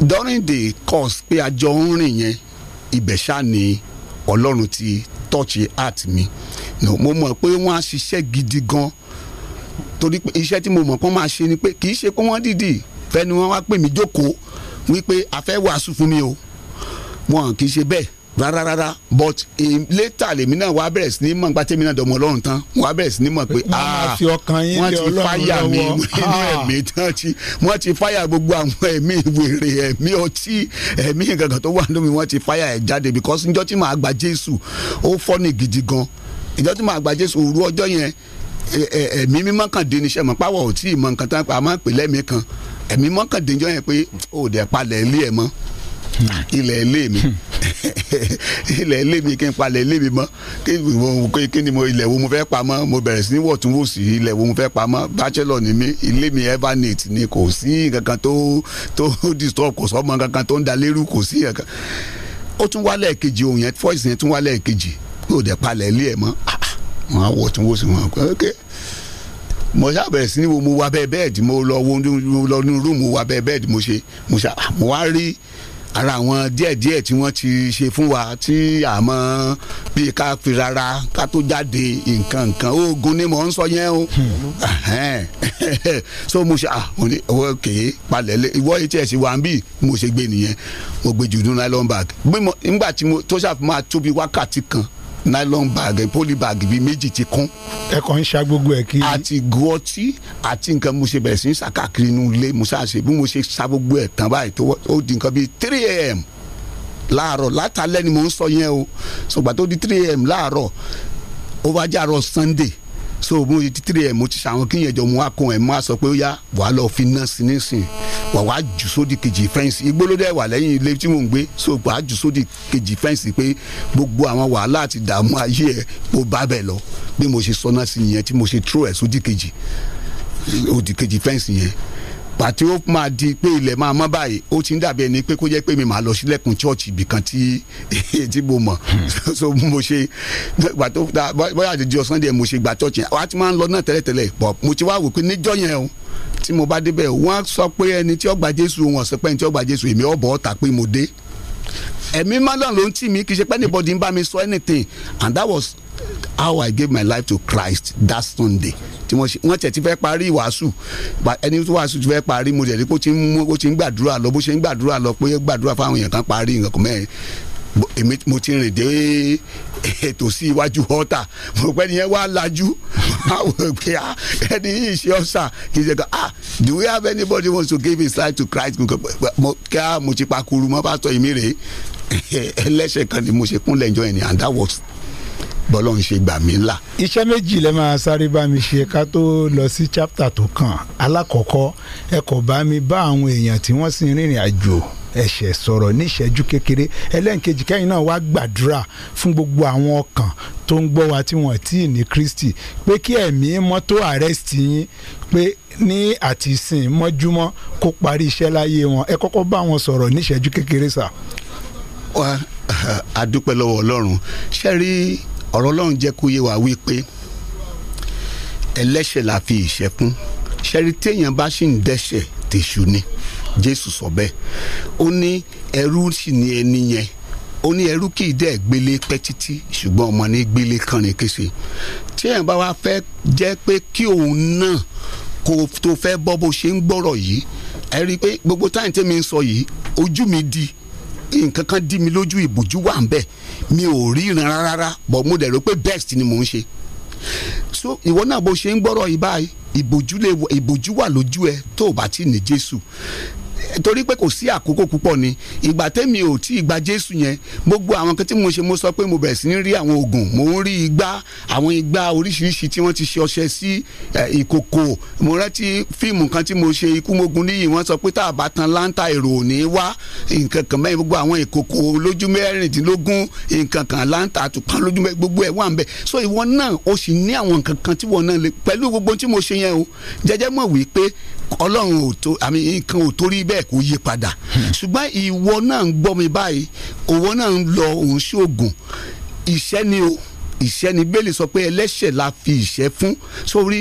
during the course pé àjọ ń rìn yẹn ibẹ̀ ṣá ni ọlọ́run ti touch heart mi no, mo mọ̀ pé wọ́n á ṣiṣẹ́ gidi gan torí pé iṣẹ́ tí mo mọ̀ kán máa ṣe ni pé kì í ṣe pé wọ́n dìdì fẹ́ni wọ́n wá pè mí jókòó wípé a fẹ́ wàásù fún mi o wọn kì í ṣe bẹ́ẹ̀ rárá rárá but eh, later lèmi náà wàá bẹ̀rẹ̀ sí ní mọ̀ nípa tèmi náà dọ̀mọ̀ ọlọ́run tán wàá bẹ̀rẹ̀ sí ní mọ̀ pé wọ́n ah, ti fáyà mi nínú ah. ẹ̀mí tán ti wọ́n ti fáyà gbogbo àwọn ẹ̀mí wèrè ẹ̀mí ọtí ẹ̀mí kankan tó wà lómi wọ́n ti fáyà ẹ̀ jáde because njọ́ tí màá gba Jésù ó fọ́ni gidi gan njọ́ tí màá gba Jésù òru ọjọ́ yẹn ẹ̀mí mímọ́ kan dé níṣẹ́ mọ́ pàwọ̀ ò tí ì mọ nǹkan tán pa àmọ́ pè lẹ́mìí kan ẹ̀mí mọ́ kan dé níjọ́ ilẹ̀ ilé mi ilẹ̀ ilé mi kí n palẹ̀ ilé mi mọ́ kí ni mo ilẹ̀ wo mo fẹ́ pamọ́ mo bẹ̀rẹ̀ sí ní wọ̀túnwòsì ilẹ̀ wo mo fẹ́ pamọ́ bachelor ni mi ilé mi ever neat ni kò sí kankan tó tó disturb kò sọ́mọ kankan tó ń da lérú kò sí kankan ó tún wálẹ̀ kejì òun yẹn fọ́ọ̀sì yẹn tún wálẹ̀ kejì yóò dẹ̀ palẹ̀ ilé ẹ̀ mọ́ ah, ah. wọn á wọ̀túnwòsì wọn ok mo sábẹ̀ sí ni mo wa bẹ́ẹ̀ bẹ́ẹ̀dì mo lọ wo lọ ní rúùmù wa bẹ́ẹ̀ bẹ́ẹ̀dì mo ṣe mo ṣá mo wá rí ara àwọn díẹ̀díẹ̀ tí wọ́n ti ṣe fún wa tí àmọ́ bíi ká fi rárá ká tó jáde nǹkan nǹkan oògùn ni mò ń sọ yẹn o so mo ṣe ah mo ní owó kèé palẹ̀ lé ìwọ hts wa ń bì mo ṣe gbé nìyẹn mo gbé jù nínú nylon bag nígbà tí mo tó ṣàfihàn máa tóbi wákàtí kan nylon bag poly bag bíi méjì ti kún. ẹ kàn ń ṣa gbogbo ẹ kiri. àti gu ọtí àti nǹkan mo ṣe bẹ̀rẹ̀ sí ní sàkàkiri inú ilé mo ṣàṣe bí mo ṣe ṣa gbogbo ẹ̀ tán báyìí tó ó di nǹkan bíi three a.m. láàárọ̀ látàlẹ́ ni mo ń sọ yẹn o ṣùgbọ́n tó di three a.m. láàárọ̀ ó bá rọ Sunday so mo ti títí ẹ mo ti sàwọn kíyẹn jọ mo wá kún ẹ mo wá sọ pé ó yá wà á lọ fi náà sí nísìn wà wá jù sódì kejì fẹ́ǹsì igbólódé wà lẹ́yìn ilé tí mò ń gbé so wà á jù sódì kejì fẹ́ǹsì pé gbogbo àwọn wàhálà àti dààmú ayé ẹ mo bá bẹ̀ lọ bí mo ṣe sọ náà sí yẹn tí mo ṣe tró ẹ̀ sódì kejì òdì kejì fẹ́ǹsì yẹn pàtí ó máa di pé ilẹ̀ máa mọ́ báyìí ó ti ń dàbí ẹni pé kó jẹ́ pé mi máa lọ sílẹ̀kùn chọ́ọ̀chì ibìkan tí tí mo mọ̀ hmm. so mo ṣe gbà tó bóyá àjẹjọ sunday mo ṣe gbà chọ́ọ̀chì wa ti máa ń lọ náà tẹ́lẹ̀tẹ́lẹ̀ pọ̀ mo ti wá wò pé níjọ́ yẹn o tí mo bá débẹ̀ wọ́n sọ pé ẹni tí ó gba Jésù wọn sọ pé ẹni tí ó gba Jésù èmi ọ̀ bọ̀ ọ́ tà pé mo dé ẹ̀mí mọ́lán ló ń tì mí kì í ṣe pé anybody ń bá mi sọ anything and that was how I gave my life to Christ that Sunday tí wọ́n ṣe wọ́n tẹ̀ ti fẹ́ parí ìwàásù ẹni tó wàásù ti fẹ́ parí mo tẹ̀lé kó ti ń gbàdúrà lọ bó ṣe ń gbàdúrà lọ pé gbàdúrà fáwọn èèyàn kan parí nǹkan kan mẹ́rin èmi mo ti rìn dé ètò sí iwájú ọ̀tà mo pẹ́ nìyẹn wá lajú báwo pé a ah, ẹni yìí ṣe ọ̀sà kì í ṣe kan ah do we have anybody wants to give his life to Christ mo kí a mo ti pa kuru mo bá tọ ìmí rèé ẹlẹ́ṣẹ̀ kan ni mo ṣe kúnlẹ̀ jọ ẹni and that works bọ́lọ́ ń ṣe gbà mí là. iṣẹ́ méjì lẹ́ máa sáré bá mi ṣe ká tó lọ sí chapter tó kàn alákọ̀ọ́kọ́ ẹ bá mi bá àwọn èèyàn tí wọ́n sì rìnrìn àjò ẹ̀ṣẹ̀ sọ̀rọ̀ níṣẹ́jú kékeré ẹlẹ́nkejì kẹ́yìn náà wá gbàdúrà fún gbogbo àwọn ọkàn tó ń gbọ́ wa tí wọ́n tí ì ní Kristi pé kí ẹ̀mí mọ́tò àrẹ́sì yín pé ní àti sìn mọ́júmọ́ kó parí iṣẹ́ láyé wọn ẹ kọ́kọ́ bá wọn sọ̀rọ̀ níṣẹ́jú kékeré sà. wá a dúpẹ́ lọ́wọ́ Ọlọ́run ṣe rí ọ̀rọ̀ ọlọ́run jẹ́ kó yé wa wípé ẹlẹ́ṣẹ̀ la fi ìṣẹ́ ṣẹ́rí téèyàn bá sì ń dẹ́ṣẹ̀ tèṣù ni jésù sọ bẹ́ẹ̀ ó ní ẹrú sì ni ẹni yẹn ó ní ẹrú kì í dẹ́ gbélé pẹ́ títí ṣùgbọ́n ọmọ ní gbélé kànrin kése téèyàn bá wá fẹ́ jẹ́ pé kí òun náà kó tó fẹ́ bọ́ bó ṣe ń gbọ́rọ̀ yìí ẹ rí i pé gbogbo táyìn tẹ́mi ń sọ yìí ojú mi di nǹkan kan dí mi lójú ìbòjú wà ń bẹ̀ mi ò ríran rárá but mo dẹ̀ rò pé best ni mò ń ṣe so ìwọ náà bó ṣe ń gbọ́rọ̀ yìí báyìí ìbòjú wà lójú ẹ tó o bá ti ní Jésù torí pé kò sí àkókò púpọ̀ ni ìgbà tẹ́mi ò tí ìgbà jésù yẹn gbogbo àwọn kan tí mo ṣe mo sọ pé mo bẹ̀rẹ̀ sí ní rí àwọn oògùn mo ń rí igbá àwọn igbá oríṣiríṣi tí wọ́n ti ṣe ọṣẹ sí ìkòkò mo rántí fíìmù kan tí mo ṣe ikú mogun níyì wọ́n sọ pé tá a bá tan láńtà èrò ò ní wá nǹkan mẹ́rin gbogbo àwọn ìkòkò lójú mẹ́rìndínlógún nǹkan láńtà àtùkàn lójú mẹ́rin gbogbo ẹ̀ so ìwọ náà o sì ní àwọn nǹkan kan tí wọ́n náà ọlọ́run ò tó àmì nǹkan ò torí bẹ́ẹ̀ kò yí padà ṣùgbọ́n ìwọ náà ń gbọ́ mi báyìí òwọ náà ń lọ òun ṣoògùn ìṣẹ́ ni o ìṣẹ́ ni bẹ́ẹ̀lì sọ pé ẹlẹ́ṣẹ̀ la fi ìṣẹ́ fún sórí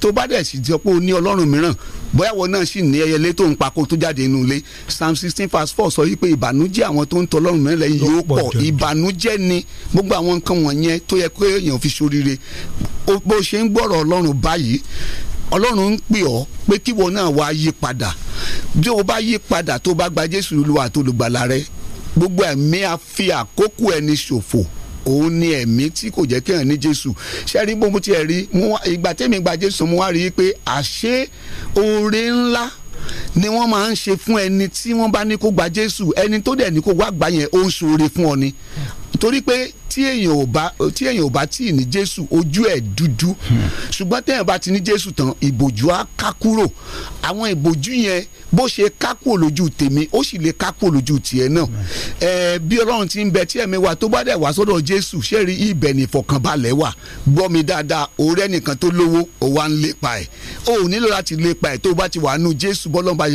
tó bá dẹ̀ sì jọ pé o ní ọlọ́run mìíràn bóyá wọn náà sì ní ẹyẹlé tó ń pa kó tó jáde inú ilé psalm sixteen verse four sọ wípé ìbànújẹ́ àwọn tó ń tọ ọlọ́run mìíràn lẹ́yìn yóò pọ̀ ìbànújẹ́ ni gbogbo àwọn nǹkan wọ̀nyẹn tó yẹ kó èèyàn fi ṣoríire bó ṣe ń gbọ́rọ̀ ọlọ́run báyìí ọlọ́run ń pè ọ́ pé kíwọ náà wá yí padà bí o bá yí padà tó bá gba jésù olúwa tó lùgbàlà rẹ gbogbo ẹ̀mí a fi àkókò ẹni ṣòfò òun ni ẹ̀mí tí kò jẹ́ kéèyàn ní jésù ṣe rí bó mo tiẹ̀ rí ìgbà tẹ́mi gba jésù mo wá rí i pé àṣé oore ńlá ni wọ́n máa ń ṣe fún ẹni tí wọ́n bá ní kó gba jésù ẹni tó dẹ̀ ní kó wá gbà yẹn ó ń ṣoore fún ọ ni torí pé tí èèyàn ò bá tí èèyàn ò bá tí ì ní jésù ojú ẹ̀ dúdú hmm. ṣùgbọ́n téèyàn bá ti ní jésù tán ìbòjú á ká kúrò àwọn ìbòjú yẹn bó ṣe ká kúrò lójú tèmi ó sì lè ká kúrò lójú tiẹ̀ náà hmm. ẹ bí ọlọ́run ti ń bẹ tí ẹ̀mí wa tó bá dẹ̀ wá sọ́dọ̀ jésù ṣé rí ibẹ̀ ní ìfọ̀kànbalẹ̀ wà gbọ́ mi dáadáa ọ̀rẹ́ nìkan tó lówó ó wá ń lépa ẹ̀ o ò nílò láti lépa ẹ̀ tó bá ti wà nù jésù bọ́lọ́mọba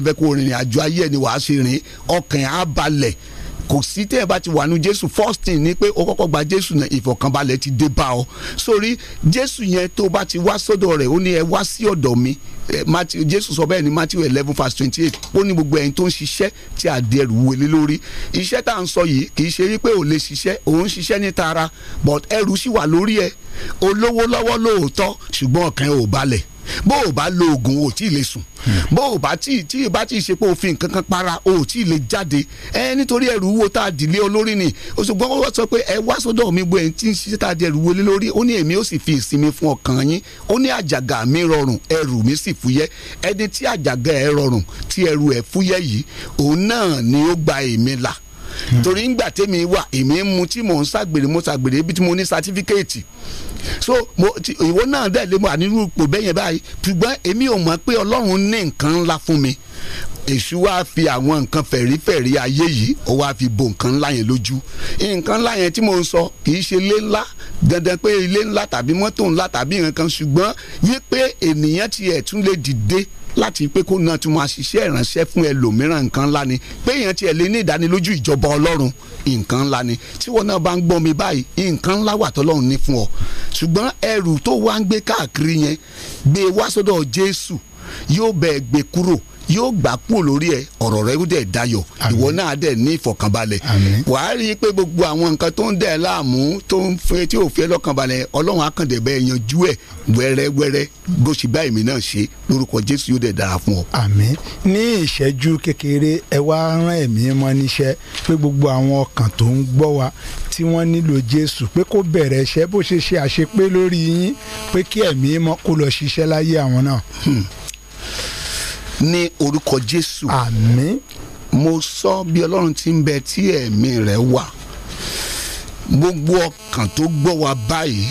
kò sí tẹ́ ẹ bá ti wà nù jésù first thing ni pé o kọ́kọ́ gba jésù náà ìfọ̀kànbalẹ̀ ti dé bá ọ sórí jésù yẹn tó bá ti wá sọ́dọ̀ rẹ̀ ó ní ẹ wá sí ọ̀dọ̀ mi jésù sọ bẹ́ẹ̀ ni matthew eleven verse twenty eight ó ní gbogbo ẹ̀yin tó ń ṣiṣẹ́ tí a di ẹrù wọlé lórí iṣẹ́ tá à ń sọ yìí kì í ṣe wípé ò lè ṣiṣẹ́ òun ṣiṣẹ́ ní tara but ẹrù sì wà lórí ẹ olówó lọ́wọ́ lóòótọ́ ṣùgbọ́n ọkàn ò balẹ̀ bó o bá lo oògùn o tí ì lè sùn bó o bá tí tí ì bá tí ì ṣe pé òfin nǹkan para o tí ì lè jáde ẹ nítorí ẹrù wo tá a dìlé olórí ni oṣùgbọ́n wọ́n sọ pé ẹ wá sọ́dọ̀ mi gbọ́ ẹ̀ tí ń ṣiṣẹ́ tá a di ẹrù wo lé lórí ó ní èmi ó sì fi ìsinmi fún ọkàn yín ó ní àjàgà mi rọrùn ẹrù mi sì fúyẹ́ ẹni tí àjàgà ẹ rọrùn tí ẹrù ẹ fúyẹ́ yìí òun náà ni ó gba èmi là torí ńgbà tèmi wà èmi ń mu tí mò ń ṣàgbèrè mo ṣàgbèrè ibi tí mo ní sátífíkẹ́ẹ̀tì so mo ìwọ náà dẹ̀ lé mo ànírú ipò bẹ́yẹn báyìí ṣùgbọ́n èmi ò mọ̀ pé ọlọ́run ní nǹkan ńlá fún mi èṣù wá fi àwọn nǹkan fẹ̀rífẹ̀rí ayé yìí ó wá fi bo nǹkan ńlá yẹn lójú nǹkan ńlá yẹn tí mo ń sọ kì í ṣe ilé ńlá dandan pé ilé ńlá tàbí mọ́tò ńlá tàbí nǹkan ṣùgbọ́n wípé ènìyàn tiẹ̀ tún lè dìde láti pé kó náà tún máa ṣiṣẹ́ ìránṣẹ́ fún ẹlòmíràn nǹkan ńlá ni pé èèyàn tiẹ̀ lé ní ìdánilójú ìjọba ọlọ́run nǹkan ńlá ni tí wọn náà bá ń gbọ́ mi báyìí nǹkan ńlá wà tọ́lọ́run ní fún ọ ṣùgbọ́n ẹrù tó wá ń gbé káàkiri yẹn gbé e wá sọ́dọ̀ Jésù yóò bẹ̀ gbé kúrò yóò gbà kúrò lórí ẹ ọ̀rọ̀ rẹ ó dẹ̀ dayọ̀ ìwọ náà dẹ̀ ní ìfọ̀kànbalẹ̀ wàá rí i pé gbogbo àwọn nǹkan tó ń dẹ̀ láàmú tó ń fẹ́ tí ò fẹ́ lọ́kànbalẹ̀ ọlọ́run akàndẹ̀ yanjú ẹ̀ wẹ́rẹ́wẹ́rẹ́ gòsì báyìí mi náà ṣe lórúkọ jésù yóò dẹ̀ dára fún ọ. àmín ní ìṣẹ́jú kékeré ẹ wá rán ẹ̀mí mọ́ níṣẹ́ pé gbogbo àwọn ọkàn tó ń gbọ́ wa tí wọ́n nílò jésù pé kó bẹ̀rẹ̀ iṣẹ́ bó ṣe ṣe àṣepé lórí yín pé kí ẹ̀mí mọ́ kó lọ ṣiṣẹ́ láyé àwọn náà. Hmm ní orúkọ jésù. àmín. mo sọ bí ọlọ́run ti ń bẹ tí ẹ̀mí rẹ̀ wà gbogbo ọkàn tó gbọ́ wa báyìí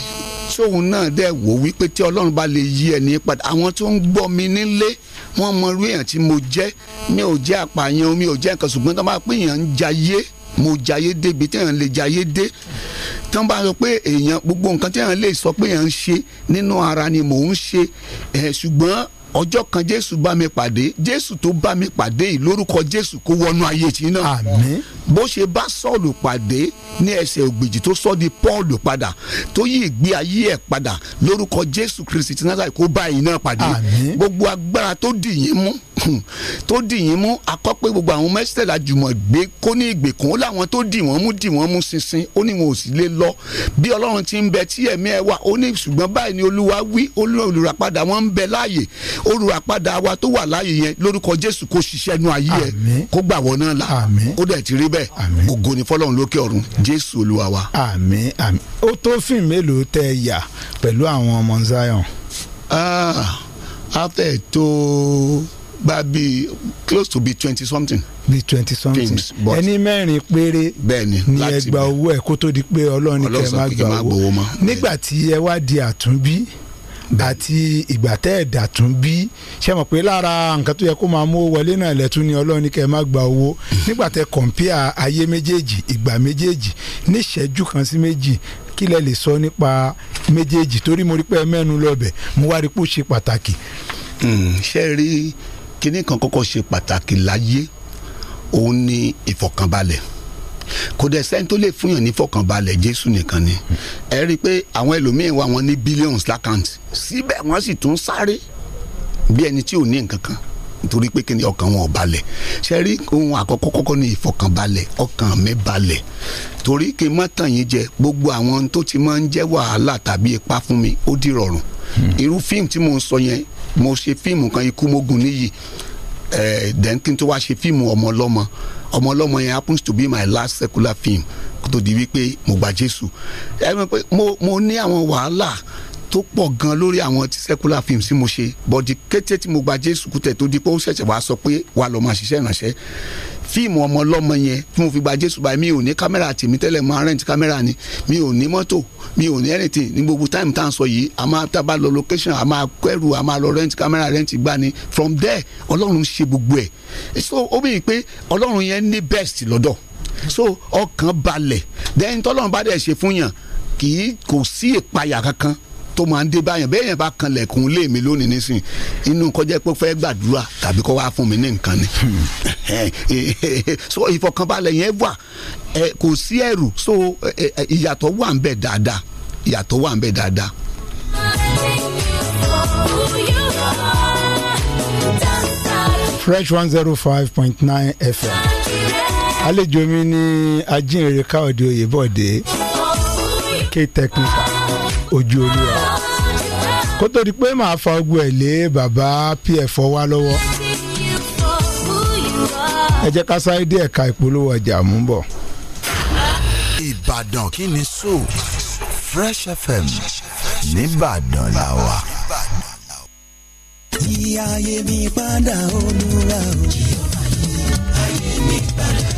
sóhun náà dẹ̀ wò wípé tí ọlọ́run bá lè yí ẹni padà àwọn tó ń gbọ́ mi nílé wọ́n mọ irú èèyàn tí mo jẹ́ mi ò jẹ́ àpààyàn mi ò jẹ́ nǹkan ṣùgbọ́n tó bá pé èèyàn ń jayé mo jayé dé ibi tí èèyàn lè jayé dé tí wọ́n bá sọ pé èèyàn gbogbo nǹkan tí èèyàn lè sọ pé èèyàn ń ṣe nínú ara ni mò ń ṣe ṣùgbọ́n ọjọ́ kan jésù bá mi pàdé jésù tó bá mi pàdé yìí lórúkọ jésù kó wọnú ayé tí náà àmín bó ṣe bá sọ́ọ̀lù pàdé ní ẹsẹ̀ ògbèjì tó sọ di pọ́ọ̀lù padà tó yí ìgbé ayé ẹ̀ padà lórúkọ jésù kristi tí náà kó bá yìí náà pàdé àmín gbogbo agbára tó dì yín mú tó dì yín mú akọ́ gbogbo àwọn mẹ́sítẹ̀lá jùmọ̀ gbé kó ní ìgbèkùn ó láwọn tó dì wọ́n mú dì wọ́n mú ṣinṣin ó ní wọn ò sì lè lọ bí ọlọ́run ti ń bẹ tí ẹ̀mí ẹ wà ó ní ṣùgbọ́n báyìí ni olúwa wí olùràpadà wọn ń bẹ láàyè olùràpadà wa tó wà láàyè yẹn lórúkọ jésù kó ṣiṣẹ́ nu ayé ẹ kó gbà wọ́n náà là ó dẹ̀ ti rí bẹ́ẹ̀ ògo ni fọlọ́run lókè ọ̀run jésù olúwa wa. àmín àmín ó tó fíìmù mélòó tẹ yà pẹ̀lú àwọn ọmọ zion. ah afẹ́ tó. To gba bí close to be twenty something. Be twenty something films but ẹni mẹ́rin péré bẹ́ẹ̀ni ni ẹ gba owó ẹ kó tó di pé ọlọ́run kẹ́ ẹ má gba owó nígbà tí ẹ wá di àtúnbí àti ìgbà tẹ́ ẹ̀ dàtún bí ṣe mọ̀ pé lára nǹkan tó yẹ kó máa mú wọlé náà lẹ́tún ni ọlọ́run ní kẹ́ ẹ má gba owó nígbà tẹ́ kọ̀ǹpìà ayé méjèèjì ìgbà méjèèjì níṣẹ́jú kan sí méjì kí lè sọ nípa méjèèjì torí mo rí pé ẹ mẹ́nu lọ́bẹ̀ mo wá rí pé ṣe pàtàkì. Hmm, ṣé rí kíní kan kọ́kọ́ ṣe pàtàkì láyé òun ni ìfọ̀kànbalẹ̀ kò dẹ̀ sẹ́ni tó lè fúnyàn ní fọ̀kànbalẹ̀ jésù nìkan ni ẹ rí i pé àwọn ẹlòmíín wa wọn ní billions lákàntì síbẹ̀ wọ́n sì tún sáré bí ẹni tí ò ní nǹkan kan nítorí pé kí ni ọkàn wọn ò balẹ̀ ṣe rí ohun àkọ́kọ́ kọ́kọ́ ní ìfọ̀kànbalẹ̀ ọkàn mi balẹ̀ torí kí n má tàn yín jẹ gbogbo àwọn tó ti máa ń jẹ́ wàhálà tàbí ipá fún mi ó di rọrùn hmm. irú fíìmù tí mo ń sọ yẹn mo ṣe fíìmù kan ikú mógun níyì then kí n tó wá ṣe fíìmù ọmọ ọlọ́mọ ọmọ ọlọ́mọ yẹn happens to be my last secular film kó tó di wípé mo gba Jésù ẹ pé mo ní àwọn wàhálà tó pọ̀ gan lórí àwọn tí secular films tí mo ṣe bọ̀dì kété tí mo gba Jésù kútẹ̀ tó di pé ó ṣẹ̀ṣẹ̀ wá sọ pé wà lọ́ọ́ máa ṣiṣẹ́ ìrànṣẹ́ fíìmù ọmọ ọlọ́mọ yẹn tí mo fi gba jésù báyìí mi ò ní kámẹ́rà tèmi tẹ́lẹ̀ máa rẹ́ǹtì kámẹ́rà ni mi ò ní mọ́tò mi ò ní anything ní gbogbo time tá à ń sọ yìí a máa tábà lọ location a máa kó ẹrù a máa lọ rẹ́ǹtì kámẹ́rà rẹ́ǹtì gbá ni from there ọlọ́run ṣe gbogbo ẹ̀ so ó bìí pé ọlọ́run yẹn ní best lọ́dọ̀ so ọkàn balẹ̀ then tọ́lọ́run bá dẹ̀ ṣe fún yàn kì í kò sí ìpayà kankan tó máa ń dé báyàn bẹ́ẹ̀ bá kanlẹ̀kùn lé mi lónìí nísìn inú kọjá pé fẹ́ gbàdúrà tàbí kọ́ wá fún mi ní nǹkan ni so ìfọkànbalẹ̀ yẹn wà kò sí ẹ̀rù so ìyàtọ̀ wà ń bẹ dáadáa ìyàtọ̀ wà ń bẹ dáadáa. fresh one zero five point nine fm àlejò mi ní ajínrere káòdì oyèbọ̀dé k technical ojú olúwa kó tó di pé màá fa ogun ẹ̀ lé bàbá pf wá lọ́wọ́ ẹ jẹ́ ká sáré dé ẹ̀ka ìpolówó ọjà mú bọ̀. ìbàdàn kí ni so fresh fm nìbàdàn là wà. yíyá ayé mi padà olúwa o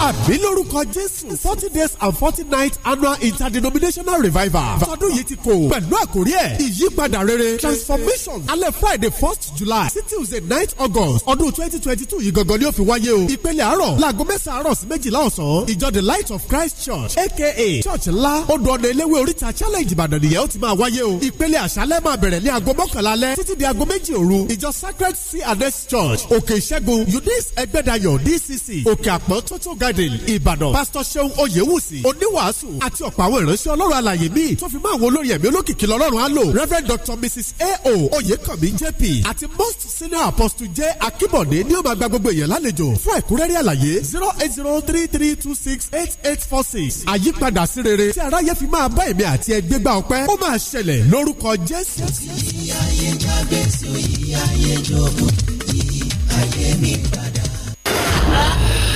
àmì lórúkọ jésù forty days and forty nights annual interdenominational revival tọdún yìí ti kò pẹ̀lú àkórí ẹ̀ ìyípadà rere transformation alẹ́ friday first july sí tuesday night. august ọdún twenty twenty two yìí gangan ni ó fi wáyé o ìpele àárọ̀ láago mẹ́sàn-án àárọ̀ sí méjìlá ọ̀sán ìjọ the light of christ church aka church ńlá odò ọ̀nà eléwé oríta challenge ìbàdàn nìyẹn ó ti máa wáyé o ìpele àṣálẹ́ máa bẹ̀rẹ̀ ní aago mọ́kànlá alẹ́ títí di aago méjì òru ìjọ sacred sea and church òkè ìṣẹ́gun eunice ẹgbẹ́dayọ̀ dcc òkè àpọ́n garden ìbàdàn pásítọ̀ ṣeun oyewusi oníwàásù àti ọ̀pọ̀ àwọn ìránṣẹ́ ọlọ́run alàyè míì tó fi máa wọ olórí ẹ̀mí olókìkí lọ́lọ́run á lò reverend dr mrs a.o. oyekami jp àti most senior apostle j akimode ní ó máa gba gbogbo èèyàn lálejò fún ẹ̀kúnrẹ́rẹ́ àlàyé zero eight zero three three two six eight eight four six àyípadà sí rere tí aráyé fi máa bá èmi àti ẹgbẹ́ gbà ọpẹ́ ó máa ṣẹlẹ̀ lórúkọ jésù. ìyá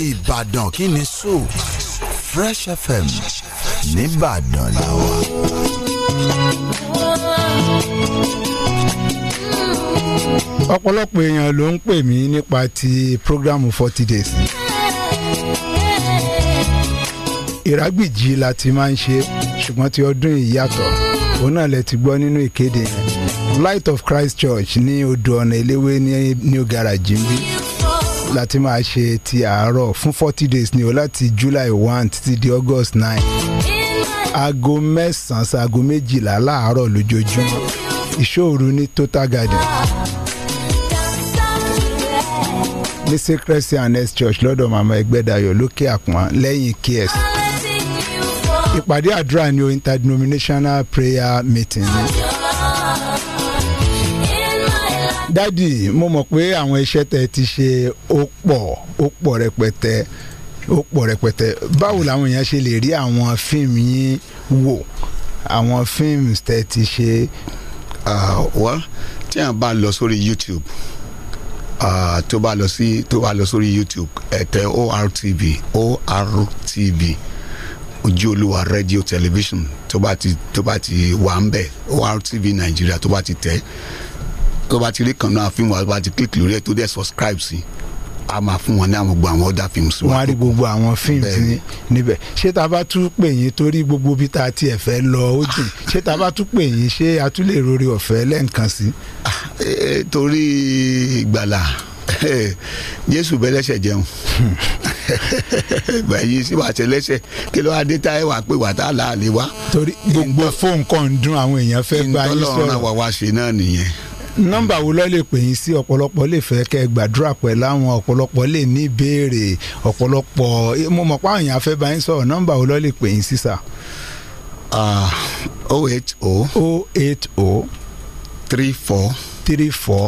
Ìbàdàn kí ni so Fresh FM nìbàdàn la wà. ọ̀pọ̀lọpọ̀ èèyàn ló ń pè mí nípa ti programu forty days. ìrágbìjì la ti máa ń ṣe ṣùgbọ́n ti ọdún yìí yàtọ̀ òun náà lẹ ti gbọ́ nínú ìkéde yẹn Light of Christ Church ní odò ọ̀nà eléwé ní New Garage ń bí láti máa ṣe ti àárọ̀ fún forty days ni o láti July one títí di August nine aago mẹ́sàn-án sí aago méjìlá láàárọ̀ lójoojúmọ́ ìṣòro ní Total Garden ní Sacred Christian's Church lọ́dọ̀ màmá Ẹgbẹ́dayọ̀ lókè àpọ́n lẹ́yìn KS ìpàdé àdúrà ni o interdenominational prayer meeting dádì mo mọ̀ pé àwọn iṣẹ́ tẹ ti ṣe ó pọ̀ ó pọ̀ rẹpẹtẹ ó pọ̀ rẹpẹtẹ báwo làwọn èèyàn ṣe lè rí àwọn fíìmù yín wò àwọn fíìmù tẹ ti ṣe. wá tí a bá lọ sórí YouTube uh, tó bá lọ sí tó bá lọ sórí YouTube ẹ tẹ ORTV ORTV ojú olúwa rédíò tẹlifíṣàn tó bá ti tó bá ti wà ń bẹ ORTV Nàìjíríà tó bá ti tẹ tó bá ti rí kan náà fíìmù wa bá ti click lórí ẹ̀ tó dẹ̀ subscribe sí a máa fún wọn ní àwọn gbogbo àwọn other films wa. wọ́n á rí gbogbo àwọn films níbẹ̀ ṣé tá a bá tún pè yín torí gbogbo bí ta tiẹ̀ fẹ́ lọ ó jìn ṣé tá a bá tún pè yín ṣé a tún lè rori ọ̀fẹ́ lẹ́ǹkan sí. Eh, eh, torí ìgbàlà eh, jésù bẹ́lẹ́sẹ̀ jẹun gbẹ̀yìn sí wàá tẹlẹ́sẹ̀ kí ló wá dé táyé wàá pé wàá tá a là á lè wá. torí gbogbo fóònù kan ń dún àwọn èèyàn fẹ́ bá yín sọ̀rọ̀ ìtọ́lọ́run àwa ṣe náà nìyẹn nọ́mbà wo ló lè pè yín sí ọ̀pọ̀lọpọ̀ lè fẹ́ kẹ́ gbàdúrà pẹ̀ láwọn ọ̀pọ̀lọpọ̀ lè ní ìbéèrè ọ̀pọ̀lọpọ̀ mo mọ̀ pé àyàn afẹ́ bá yín sọ̀rọ̀ nọ́mbà wo ló lè pè yín sí sà. o oh eight o. Oh o oh eight o. three four. three four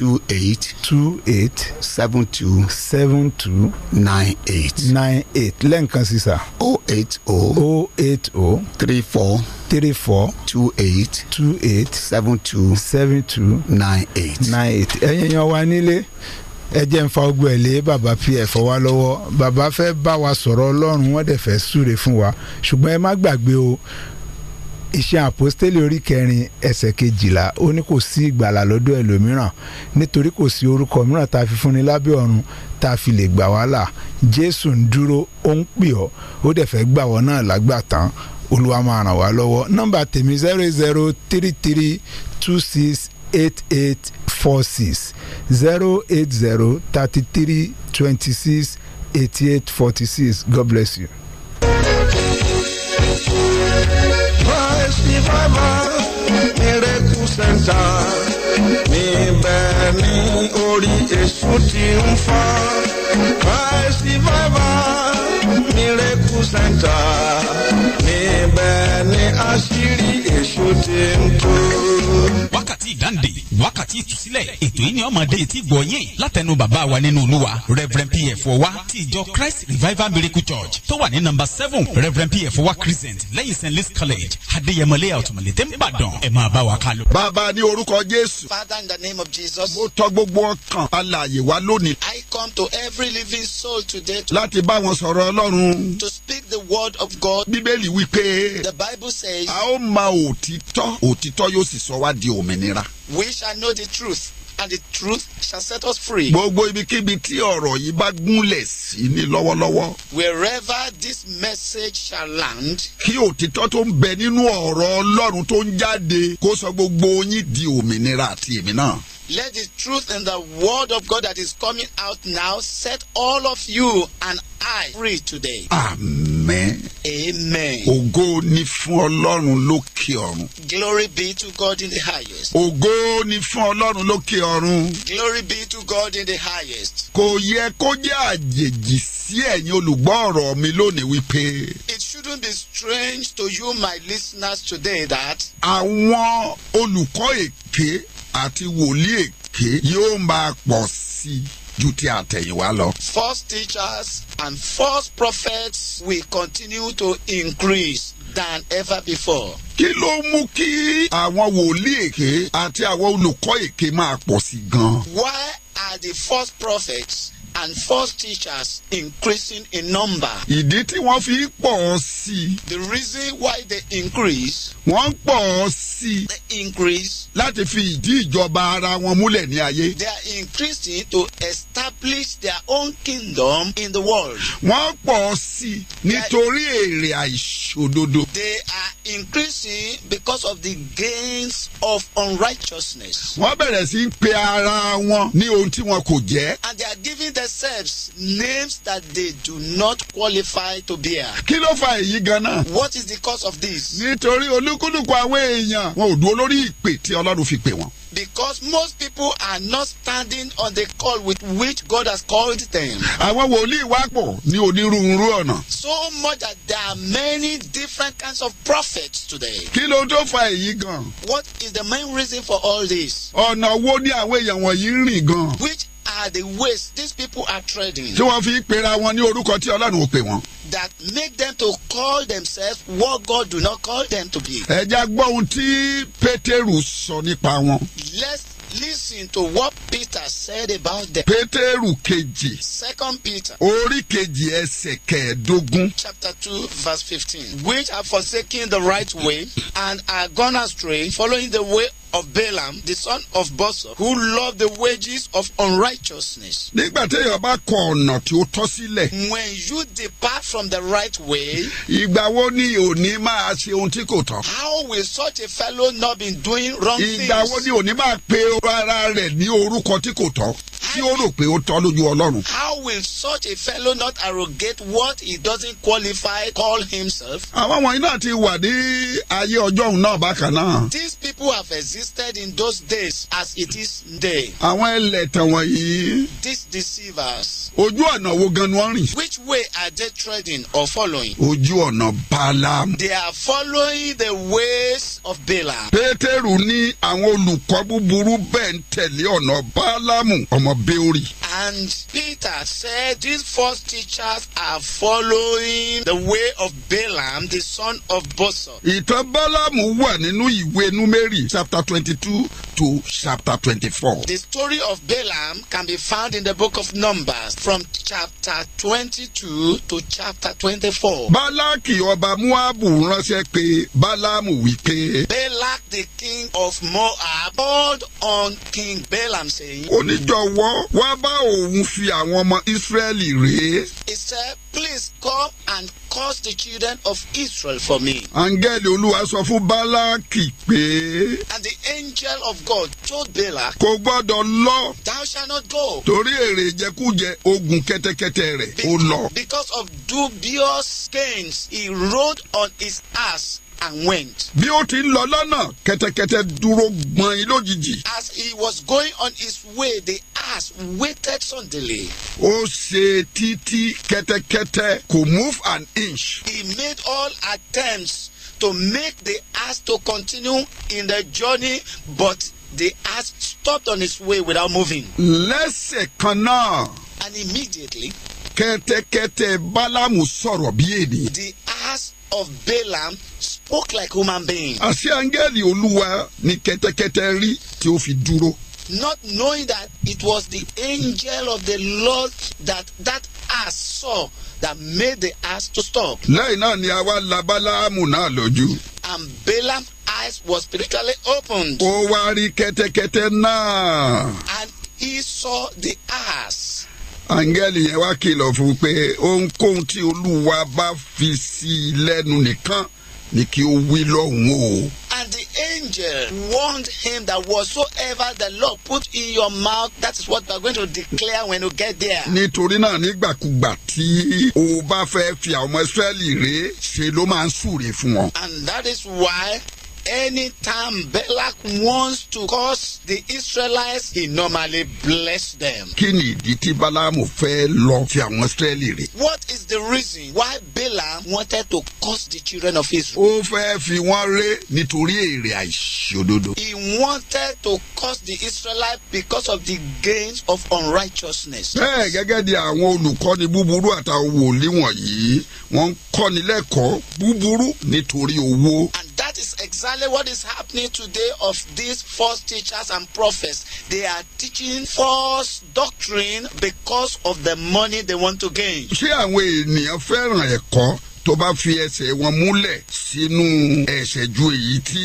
two eight. two eight. seven two. seven two. nine eight. nine eight lẹ́ǹkan sísà. o oh eight o. Oh o oh eight o. three four. three four. two eight. two eight. seven two. seven two. nine eight. nine eight ẹ̀yin yan wa nílé ẹ jẹ́ ń fa ogun ẹ̀ lé bàbá pf wa lọ́wọ́ bàbá fẹ́ bá wa sọ̀rọ̀ ọlọ́run wọ́n dẹ̀ fẹ́ súre fún wa ṣùgbọ́n ẹ má gbàgbé o iṣẹ́ àpọ́stélì orí kẹrin ẹsẹ̀ kejìlá ó ní kò sí ìgbàlà lọ́dọ̀ ẹlòmíràn nítorí kò sí orúkọ mìíràn tá a fi fúnni lábẹ́ ọ̀run tá a fi lè gbà wá jésù ń dúró ó ń pè ọ́ ó dẹ̀ fẹ́ gbà wọ́n náà lágbà tán olúwa máa ràn wá lọ́wọ́ nọ́mbà tèmi zero zero three three two six eight eight four six zero eight zero thirty three twenty six eighty eight forty six God bless you. mama miracle center níbẹ̀ ní orí èṣù ti ń fọ́ christ survivor miracle center ibẹ̀ ni àṣírí èṣù ti ń tú. wákàtí ìdáǹdè wákàtí ìtúsílẹ̀ ètò yìí ni ọmọdé ti gbọ́ yín látẹnu bàbá wa nínú olúwa reverend pf wa ti ìjọ christ revival miracle church tó wà ní number seven reverend pf wa crescent lẹ́yìn st louis college adéyẹmọlẹ́ àtùmọ̀lẹ́ tẹ́ ń bàdàn ẹ̀ máa bá wa kálọ. bàbá ní orúkọ jésù. father in the name of jesus. mo tọ gbogbo ọkàn alààyè wa lónìí. i come to every living soul today. láti bá wọn sọ̀rọ̀ ọlọ́run. to speak the word of God. bíbélì wípé the bible says. a ó mọ òtítọ́ òtítọ́ yóò sì sọ wá di òmìnira. we shall know the truth and the truth shall set us free. gbogbo ibikíbi tí ọ̀rọ̀ yìí bá gúnlẹ̀ sí ní lọ́wọ́lọ́wọ́. wherever this message shall land. kí òtítọ́ tó ń bẹ nínú ọ̀rọ̀ ọlọ́run tó ń jáde kó sọ gbogbo yín di òmìnira àti èmi náà. Let the truth and the word of God that is coming out now set all of you and I free today. Amen. Amen. Ògo ni fún Ọlọ́run lókè ọ̀run. Glory be to God in the highest. Ògo ni fún Ọlọ́run lókè ọ̀run. Glory be to God in the highest. Kò yẹ kó jẹ́ àjèjì sí ẹ̀yin olùgbọ́ ọ̀rọ̀ mi lónìí wípé. It shouldn't be strange to you my listeners today that. Àwọn olùkọ́ èké àti wòlíì èké yóò máa pọ̀ sí i ju ti àtẹ̀yìnwá lọ. false teachers and false prophets will continue to increase than ever before. kí ló mú kí àwọn wòlíì èké àti àwọn olùkọ́ èké máa pọ̀ sí i gan why are the false prophets and false teachers increasing in number. Ìdí tí wọ́n fi pọ̀ sí. The reason why they increase. Wọ́n pọ̀ sí. They increase. Láti fi ìdí ìjọba ara wọn múlẹ̀ ní ayé. They are increasing to establish their own kingdom in the world. Wọ́n pọ̀ sí nítorí èrè àìṣòdodo. They are increasing because of the gains of unrighteousness. Wọ́n bẹ̀rẹ̀ sí ń pe ara wọn ní ohun tí wọn kò jẹ́. And they are giving them themselves names that they do not qualify to bear. kí ló fa èyí ganan. what is the cause of this. nítorí olúkúlùkù àwọn èèyàn wọn ò dúró lórí ìpè tí ọlọ́run fi pè wọ́n. because most people are not standing on the call with which God has called them. àwọn wòlíì wá pọ̀ ní onírúurú ọ̀nà. so much that there are many different kinds of prophets today. kí ló tó fa èyí gan. what is the main reason for all this. ọ̀nà wo ni àwọn èèyàn wọ̀nyí ń rìn gan. which are the ways these people are trading tí wọ́n fi pera wọn ní orúkọ tí ọlọ́run ò pè wọ́n. that make them to call themselves what God do not call them to be. ẹ já gbọ́ ohun tí pétérù sọ nípa wọn. let's listen to what Peter said about them. Pétérù kejì. Second Peter. Orí kejì ẹsẹ̀ kẹẹ̀dógún. Chapter two verse fifteen. Which have forsaken the right way and are gone astray following the way of Balaam, the son of Bosor, who loved the wages of unrighteousness. Nígbà téèyàn bá kọ ọ̀nà tí ó tọ́ sílẹ̀. When you depart from the right way. Ìgbà wo ni òní máa ṣe ohun tí kò tọ́? How will such a fellow not be doing wrong things? Ìgbà wo ni òní máa pe ara rẹ̀ ní orúkọ tí kò tọ́? Tí ó rò pé ó tọ́ lójú Ọlọ́run. How will such a fellow not arrogate what he doesn't qualify call himself? Àwọn wọ̀nyí náà ti wà ní ayé ọjọ́ òun náà bákan náà. These people have existed existed in those days as it is today. àwọn ẹlẹ́tàn wọ̀nyí. these deceivers. ojú ọ̀nà wo gan ni wọ́n rìn. which way are they treading or following? ojú ọ̀nà Balaam. they are following the ways of Balaam. Pétérù ní àwọn olùkọ́ búburú bẹ́ẹ̀ ń tẹ̀lé ọ̀nà Bálámù ọmọ Béórì. And Peter said these false teachers are following the way of Balaam the son of Bosor. Ìtàn Bálámù wà nínú ìwé Númérì chapter Twenty-two to chapter twenty-four. The story of Balaam can be found in the book of Numbers from chapter twenty-two to chapter 24. Bálákì ọba Moab ránṣẹ́ pé Bálámù wí pé. Balak the king of Moab called on King Balaam saying. Oníjọ̀wọ́ wá bá òun fi àwọn ọmọ Ísírẹ́lì rèé. He said please come and curse the children of Israel for me. Áńgẹ́lì Olúwa sọ fún Bálákì pé. And the angel of God told Balak. Kò gbọ́dọ̀ lọ. Thou shalt not go. Torí èrè ìjẹkújẹ ogun kẹ́tẹ́kẹ́tẹ́ rẹ̀ ó lọ. Because of dubious gains, he rode on his ass and went. bí ó ti ń lọ lọ́nà kẹ́tẹ́kẹ́tẹ́ dúró gbọ́n in lójijì. as he was going on his way the ass waited suddenly. ó ṣe títí kẹ́tẹ́kẹ́tẹ́ kò move an inch. he made all attempts to make the ass to continue in the journey but the ass stopped on its way without moving. lẹ́sẹ̀ kan náà. and immediately. kẹ́tẹ́kẹ́tẹ́ bálámù sọ̀rọ̀ bí èdè. the ass of Balaam spoke like human being. àṣé áńgẹ́lì olúwa ni kẹ́tẹ́kẹ́tẹ́ rí tí ó fi dúró. not knowing that it was the angel of the Lord that that ass saw that made the ass to stop. lẹ́yìn náà ni a la Báláámù náà lójú. and Balaam eyes was spiritually opened. ó wá rí kẹ́tẹ́kẹ́tẹ́ náà. and he saw the ass. áńgẹ́lì yẹn wá kìlọ̀ fún pé ohunkóhun tí olúwa bá fi sí i lẹ́nu nìkan ni kí ó wí lọ́hùn o. And the angel warned him that whatsoever the Lord put in your mouth, that is what you are going to declare when you get there. Nítorí náà nígbàkúgbà tí o bá fẹ́ fi àwọn ọmọ Ísírẹ́lì ré ṣe ló máa ń súre fún wọn. And that is why anytime Balak wants to curse the Israelites, he normally bless them. Kí ni ìdí tí Bálámù fẹ́ lọ fi àwọn Ísírẹ́lì rè? What is the reason why Balaam wanted to curse the children of Israel? Ó fẹ́ fi wọ́n ré nítorí èrè àìṣòdodo. He wanted to curse the Israelites because of the gains of unrighteousness. Bẹ́ẹ̀ gẹ́gẹ́ di àwọn olùkọ́ni búburú àtàwọn wòlíì wọ̀nyí, wọ́n ń kọ́ni lẹ́kọ̀ọ́ búburú nítorí owó. And that is exactly exactly what is happening today of these false teachers and prophets. They are teaching false doctrine because of the money they want to gain. ṣé àwọn ènìyàn fẹ́ràn ẹ̀kọ́ tó bá fi ẹsẹ̀ wọn múlẹ̀ sínú ẹ̀ṣẹ̀ ju èyí tí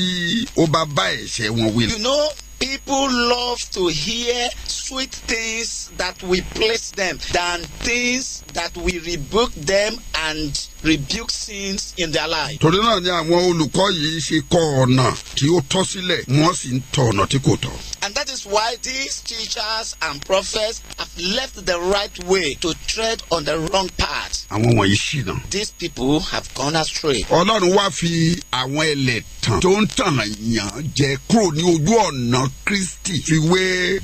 ó bá bá ẹ̀ṣẹ̀ wọn wí. you know People love to hear sweet things that we please them than things that we rebuke them and rebuke sins in their life. torí náà ni àwọn olùkọ́ yìí ṣe kọ́ ọ̀nà tí ó tọ́ sílẹ̀ wọ́n sì ń tọ̀ ọ̀nà tí kò tọ́. and that is why these teachers and prophets have left the right way to tread on the wrong path. àwọn wọ̀nyí ṣìnà. these people have gone astray. ọlọ́run wá fi àwọn ẹlẹ́tàn tó ń tàn yàn jẹ kúrò ní ojú ọ̀nà Kristi fi wé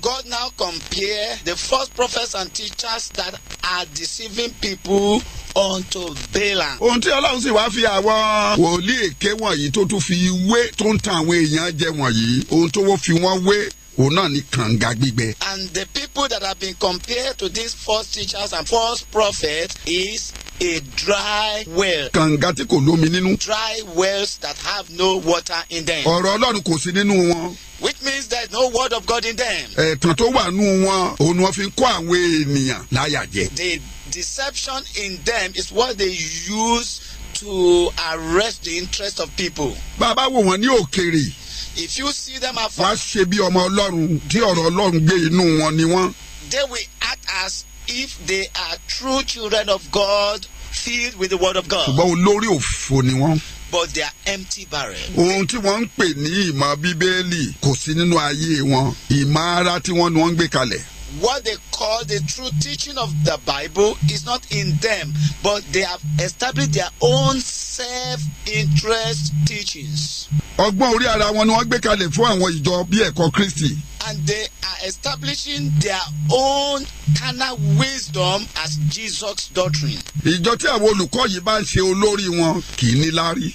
God now compare the false prophets and teachers that are deceiving people unto Balaam. ohun tí ọlọ́run sì wáá fi àwọn wòlíì èké wọ̀nyí tó tún fi wé tó ń tan àwọn èèyàn jẹ wọ̀nyí ohun tó fi wọ́n wé òun náà ní kànga gbígbẹ. and the people that have been compared to these false teachers and false prophets is a dry well. kànga tí kò lómi nínú. dry wells that have no water in them. ọ̀rọ̀ ọlọ́run kò sí nínú wọn. which means there is no word of God in them. ẹ̀tàn tó wà nù wọn òun wọn fi kó àwọn ènìyàn láyà jẹ. the deception in them is what they use to arrest the interest of people. bàbá wò wọ́n ní òkèèrè. if you see them afar. wá ṣe bí ọmọ ọlọ́run tí ọ̀rọ̀ ọlọ́run gbé inú wọn ni wọ́n. they will act as if they are true children of God filled with the word of God. ṣùgbọ́n olórí òfò ni wọ́n. but they are empty barrel. ohun tí wọ́n ń pè ní ìmọ̀ bíbélì kò sí nínú ayé wọn ìmọ̀ ara tí wọ́n ni wọ́n ń gbé kalẹ̀. What they call the true teaching of the Bible is not in them, but they have established their own self-interest teachings ọgbọ́n orí ara wọn ni wọ́n gbé kalẹ̀ fún àwọn ìjọ bí ẹ̀kọ́ Kristi. And they are establishing their own carnal wisdom as Jesus' doctrine. Ìjọ tí àwọn olùkọ́ yìí bá ń ṣe olórí wọn kì í ní lárí.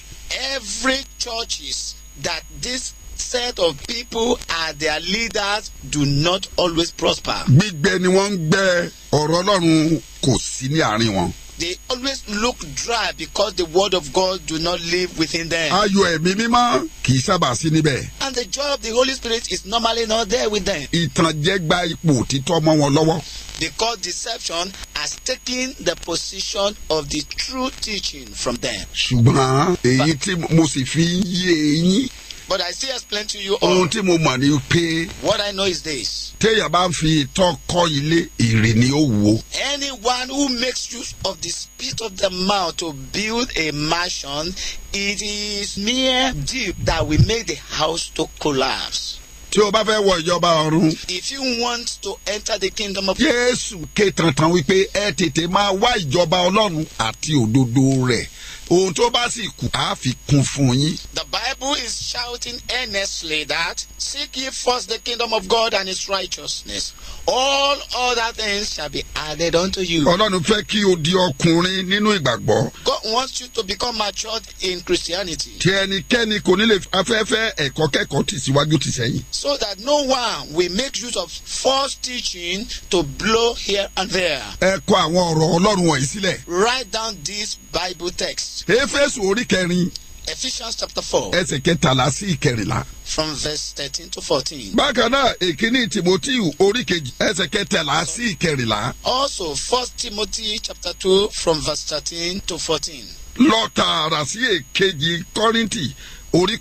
Every churches that this set of people are their leaders do not always prosper. Gbígbẹ ni wọ́n ń gbẹ ọ̀rọ̀ Ọlọ́run kò sí ní àárín wọn they always look dry because the word of God do not live within them. ayọ̀ ẹ̀mí mímọ́ kì í sábà sí níbẹ̀. and the joy of the Holy Spirit is normally not there with them. ìtànjẹ gba ipò títọ́ mọ́ wọn lọ́wọ́. because deception has taken the position of the true teaching from them. ṣùgbọ́n èyí tí mo sì fi yé eyín but I still explain to you ohun tí mo mọ̀ ni pé. what I know is this. téèyàn bá ń fi ìtọ́ kọ́ ilé èrè ni ó wo. anyone who makes use of the spit of the mouth to build a mansion it is mere deep that will make the house to collapse. tí o bá fẹ́ wọ ìjọba ọ̀run. if you want to enter the kingdom of. Jésù ké tantan wípé ẹ tètè máa wá ìjọba Ọlọ́run àti òdodo rẹ̀ ohun tó bá sì kù á fi kún fún yín. The Bible is shouting earnestly that seek ye first the kingdom of God and his righteousness all other things shall be added unto you. ọlọ́run fẹ́ kí o di ọkùnrin nínú ìgbàgbọ́. God wants you to become matured in Christianity. tí ẹnikẹ́ni kò ní afẹ́fẹ́ ẹ̀kọ́ kẹ́kọ̀ọ́ tì síwájú tì sẹ́yìn. so that no one will make use of false teaching to blow here and there. ẹ kọ àwọn ọ̀rọ̀ ọlọ́run wọ̀nyí sílẹ̀. write down this Bible text. Éfésù orí kẹrin. Ephesians chapter four. ẹsẹ̀ kẹtàlá sí ìkẹrìnlá. from verse thirteen to fourteen. bákan náà èkíní timoteo orí ẹsẹ̀ kẹtàlá sí ìkẹrìnlá. also first timothy chapter two from verse thirteen to fourteen. lọ tààrà sí èkejì kọ́rìntì orí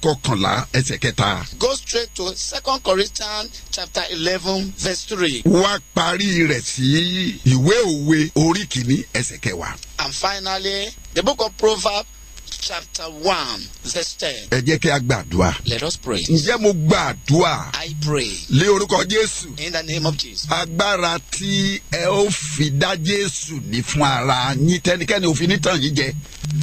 ẹsẹ̀ kẹta. go straight to second corinthians chapter eleven verse three. wá parí rẹ̀ sí ìwé òwe orí ẹsẹ̀ kẹwàá. and finally the book of proverbs chapter one verse ten. ẹ jẹ́ kí a gbàdúrà. let us pray. ǹjẹ́ mo gbàdúrà. I pray. lé orúkọ Jésù. in the name of Jesus. agbára tí ẹ ó fi dá Jésù ní fún ara yín tẹnikẹ́ni òfin nítàn yín jẹ.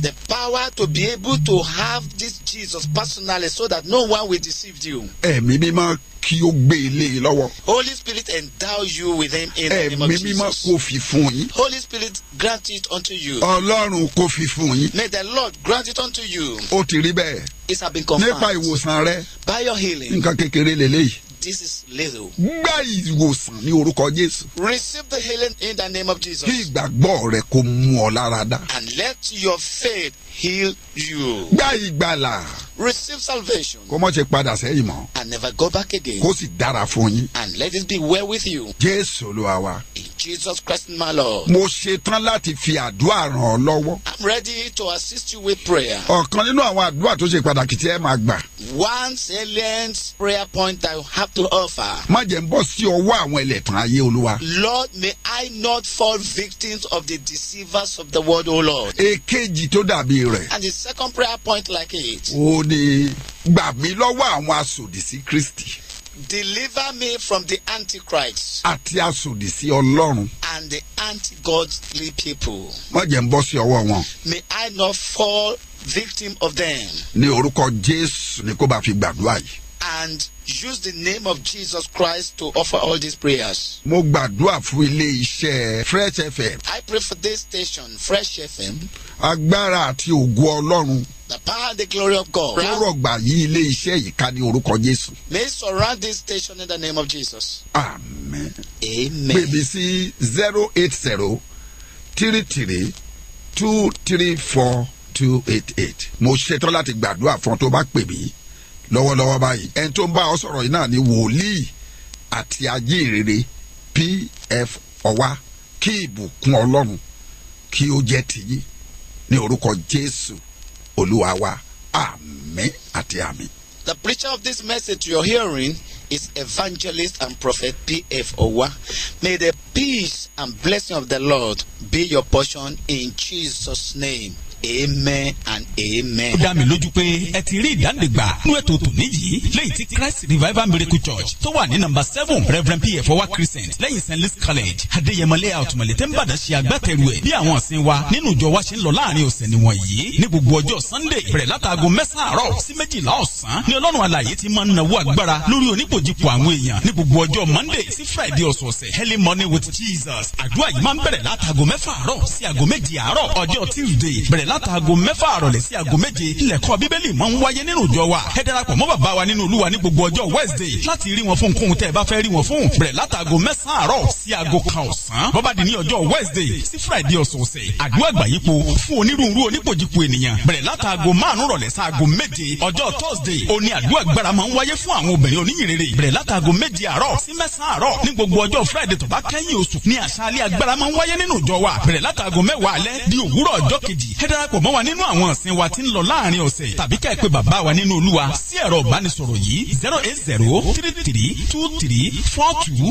the power to be able to have this Jesus personally so that no one will deceive you. ẹ̀mí mímọ́ kí ó gbé e lé lọ́wọ́. holy spirit endow you with him in the name of jesus. ẹ̀mí mímọ́ kò fi fún yín. holy spirit grant it unto you. ọlọ́run kò fi fún yín. may the lord grant it unto you. ó ti rí bẹ́ẹ̀. it has been confirmed. nípa ìwòsàn rẹ. by your healing. nǹkan kékeré lélẹ́yìí this is little. gba ìwòsàn ní orúkọ Jésù. receive the healing in the name of Jesus. kí ìgbàgbọ́ rẹ kó mú ọ lára and let your faith heal you. gba ìgbàlà. receive salvation. kó mọ̀ ṣe padà sẹ́yìn mọ́. and never go back again. kó sì dára fún yín. and let it be well with you. Jésù Olúwa wa. in Jesus Christ my Lord. mo ṣetán láti fi àdúrà ràn ọ́ lọ́wọ́. I'm ready to assist you with prayer. ọ̀kan nínú àwọn àdúrà tó ṣe pàtàkì tí ẹ máa gbà. one salient prayer point that you have to offer. má jẹ́ n bọ́ sí ọwọ́ àwọn ẹlẹ́tàn ayé olúwa. Lord, may I not fall victims of the deceivers of the world, O Lord. èkejì tó dàbí rẹ̀. and the second prayer point like it. ó ní gbà mí lọ́wọ́ àwọn asòdì Kristi. Deliver me from the antichrist. Àti asòdì Ọlọ́run. And the anti-godly people. Má jẹ́ n bọ́ sí ọwọ́ wọn. May I not fall victim of them. Ní orúkọ Jésù ni kó bá fi gbàdúrà yìí and use the name of Jesus Christ to offer all these prayers. Mo gbàdúrà fún ilé iṣẹ́ Fresh FM. I pray for this station Fresh FM. Agbára àti ògo Ọlọ́run. The power and the glory of God. Ó rọ̀gbà yí ilé iṣẹ́ yìí ká ní orúkọ Jésù. May surround this station in the name of Jesus. Amen. Amen. Bèbí sí zero eight zero three three two three four two eight eight. Mo ṣetán láti gbàdúrà fún ọ tó bá pè mí lọ́wọ́lọ́wọ́ báyìí ẹni tó ń bá ọ sọ̀rọ̀ yìí náà ni wòlíì àti ajínrere pf ọwá kí ìbùkún ọlọ́run kí ó jẹ́ tìyín ní orúkọ jésù olúwa wa àmín àti àmín. The preacher of this message you're hearing is evangelist and prophet P.F. Owa. May the peace and blessing of the Lord be your portion in Jesus' name amen and amen. ó dá mi lójú pé ẹ ti rí ìdánidìgbà nínú ètò tòní yìí lẹ́yìn tí christ revival miracle church tó wà ní nàmbà seven reverend pf ọwá crescent lẹ́yìn st louis college adéyẹmọlẹ́ àtùmọ̀lẹ́ tẹ́ ń bàdá ṣe agbátẹrù ẹ̀ bí àwọn ọ̀sìn wa nínú ìjọ wa ṣe ń lọ láàrin ọ̀sẹ̀ nìwọ̀n yìí ní gbogbo ọjọ́ sunday bẹ̀rẹ̀ látàgò mẹ́sàn-án àárọ̀ sí méjìlá ọ̀sán ni ọlọ́run alààyè ti máa ń nawó agbára lórí onípòjìpọ̀ àwọn èèyàn ní gbogbo ọjọ́ monday sí friday ọ̀sọ̀ọ̀sẹ̀ early morning with jesus àdúrà yìí máa ń bẹ̀rẹ̀ látàgò mẹ́fà àárọ̀ sí àgò méjì àárọ̀ ọjọ́ tuesday bẹ̀rẹ̀ látàgò mẹ́fà àrọ̀lẹ́ sí àgò méje ilẹ̀kọ́ bíbélì máa ń wáyé nínú ìjọ wa ẹ darapọ̀ mọ́ bàbá wa nínú olúwa ní gbogbo ọjọ́ wednesday láti rí wọn fún nǹkan tẹ́ ẹ bá fẹ́ rí wọn fún bẹ̀rẹ̀ látàgò mẹ́sàn-án àárọ̀ sí àgò kan ọ̀sán bọ́bá di ní ọjọ́ wednesday sí friday ọ̀sọ̀ọ̀sẹ̀ àdúrà gbàyípo fún onírúurú onípojìpo ènìyàn bẹ̀rẹ̀ látàgò márùn rọ̀lẹ́ sáàgò méje ọjọ́ thursday òní àdúrà gbára máa ń wáyé fún àwọn obìnrin oníyìnrere bẹ̀rẹ̀ látàgò friday tó bá kẹ́yìn oṣù ní àṣálẹ́ agbára máa ń wáyé nínú ìjọ wa bẹ̀rẹ̀ látàgò mẹ́wàá alẹ́ di òwúrọ̀ ọjọ́ darapọ̀ mọ́ wa nínú àwọn ọ̀sìn wa tí ń lọ láàrin ọ̀sẹ̀ tàbí kẹ́ ẹ pé bàbá wa nínú olúwa sí ẹ̀rọ ìbánisọ̀rọ̀ yìí zero eight zero three three two three four two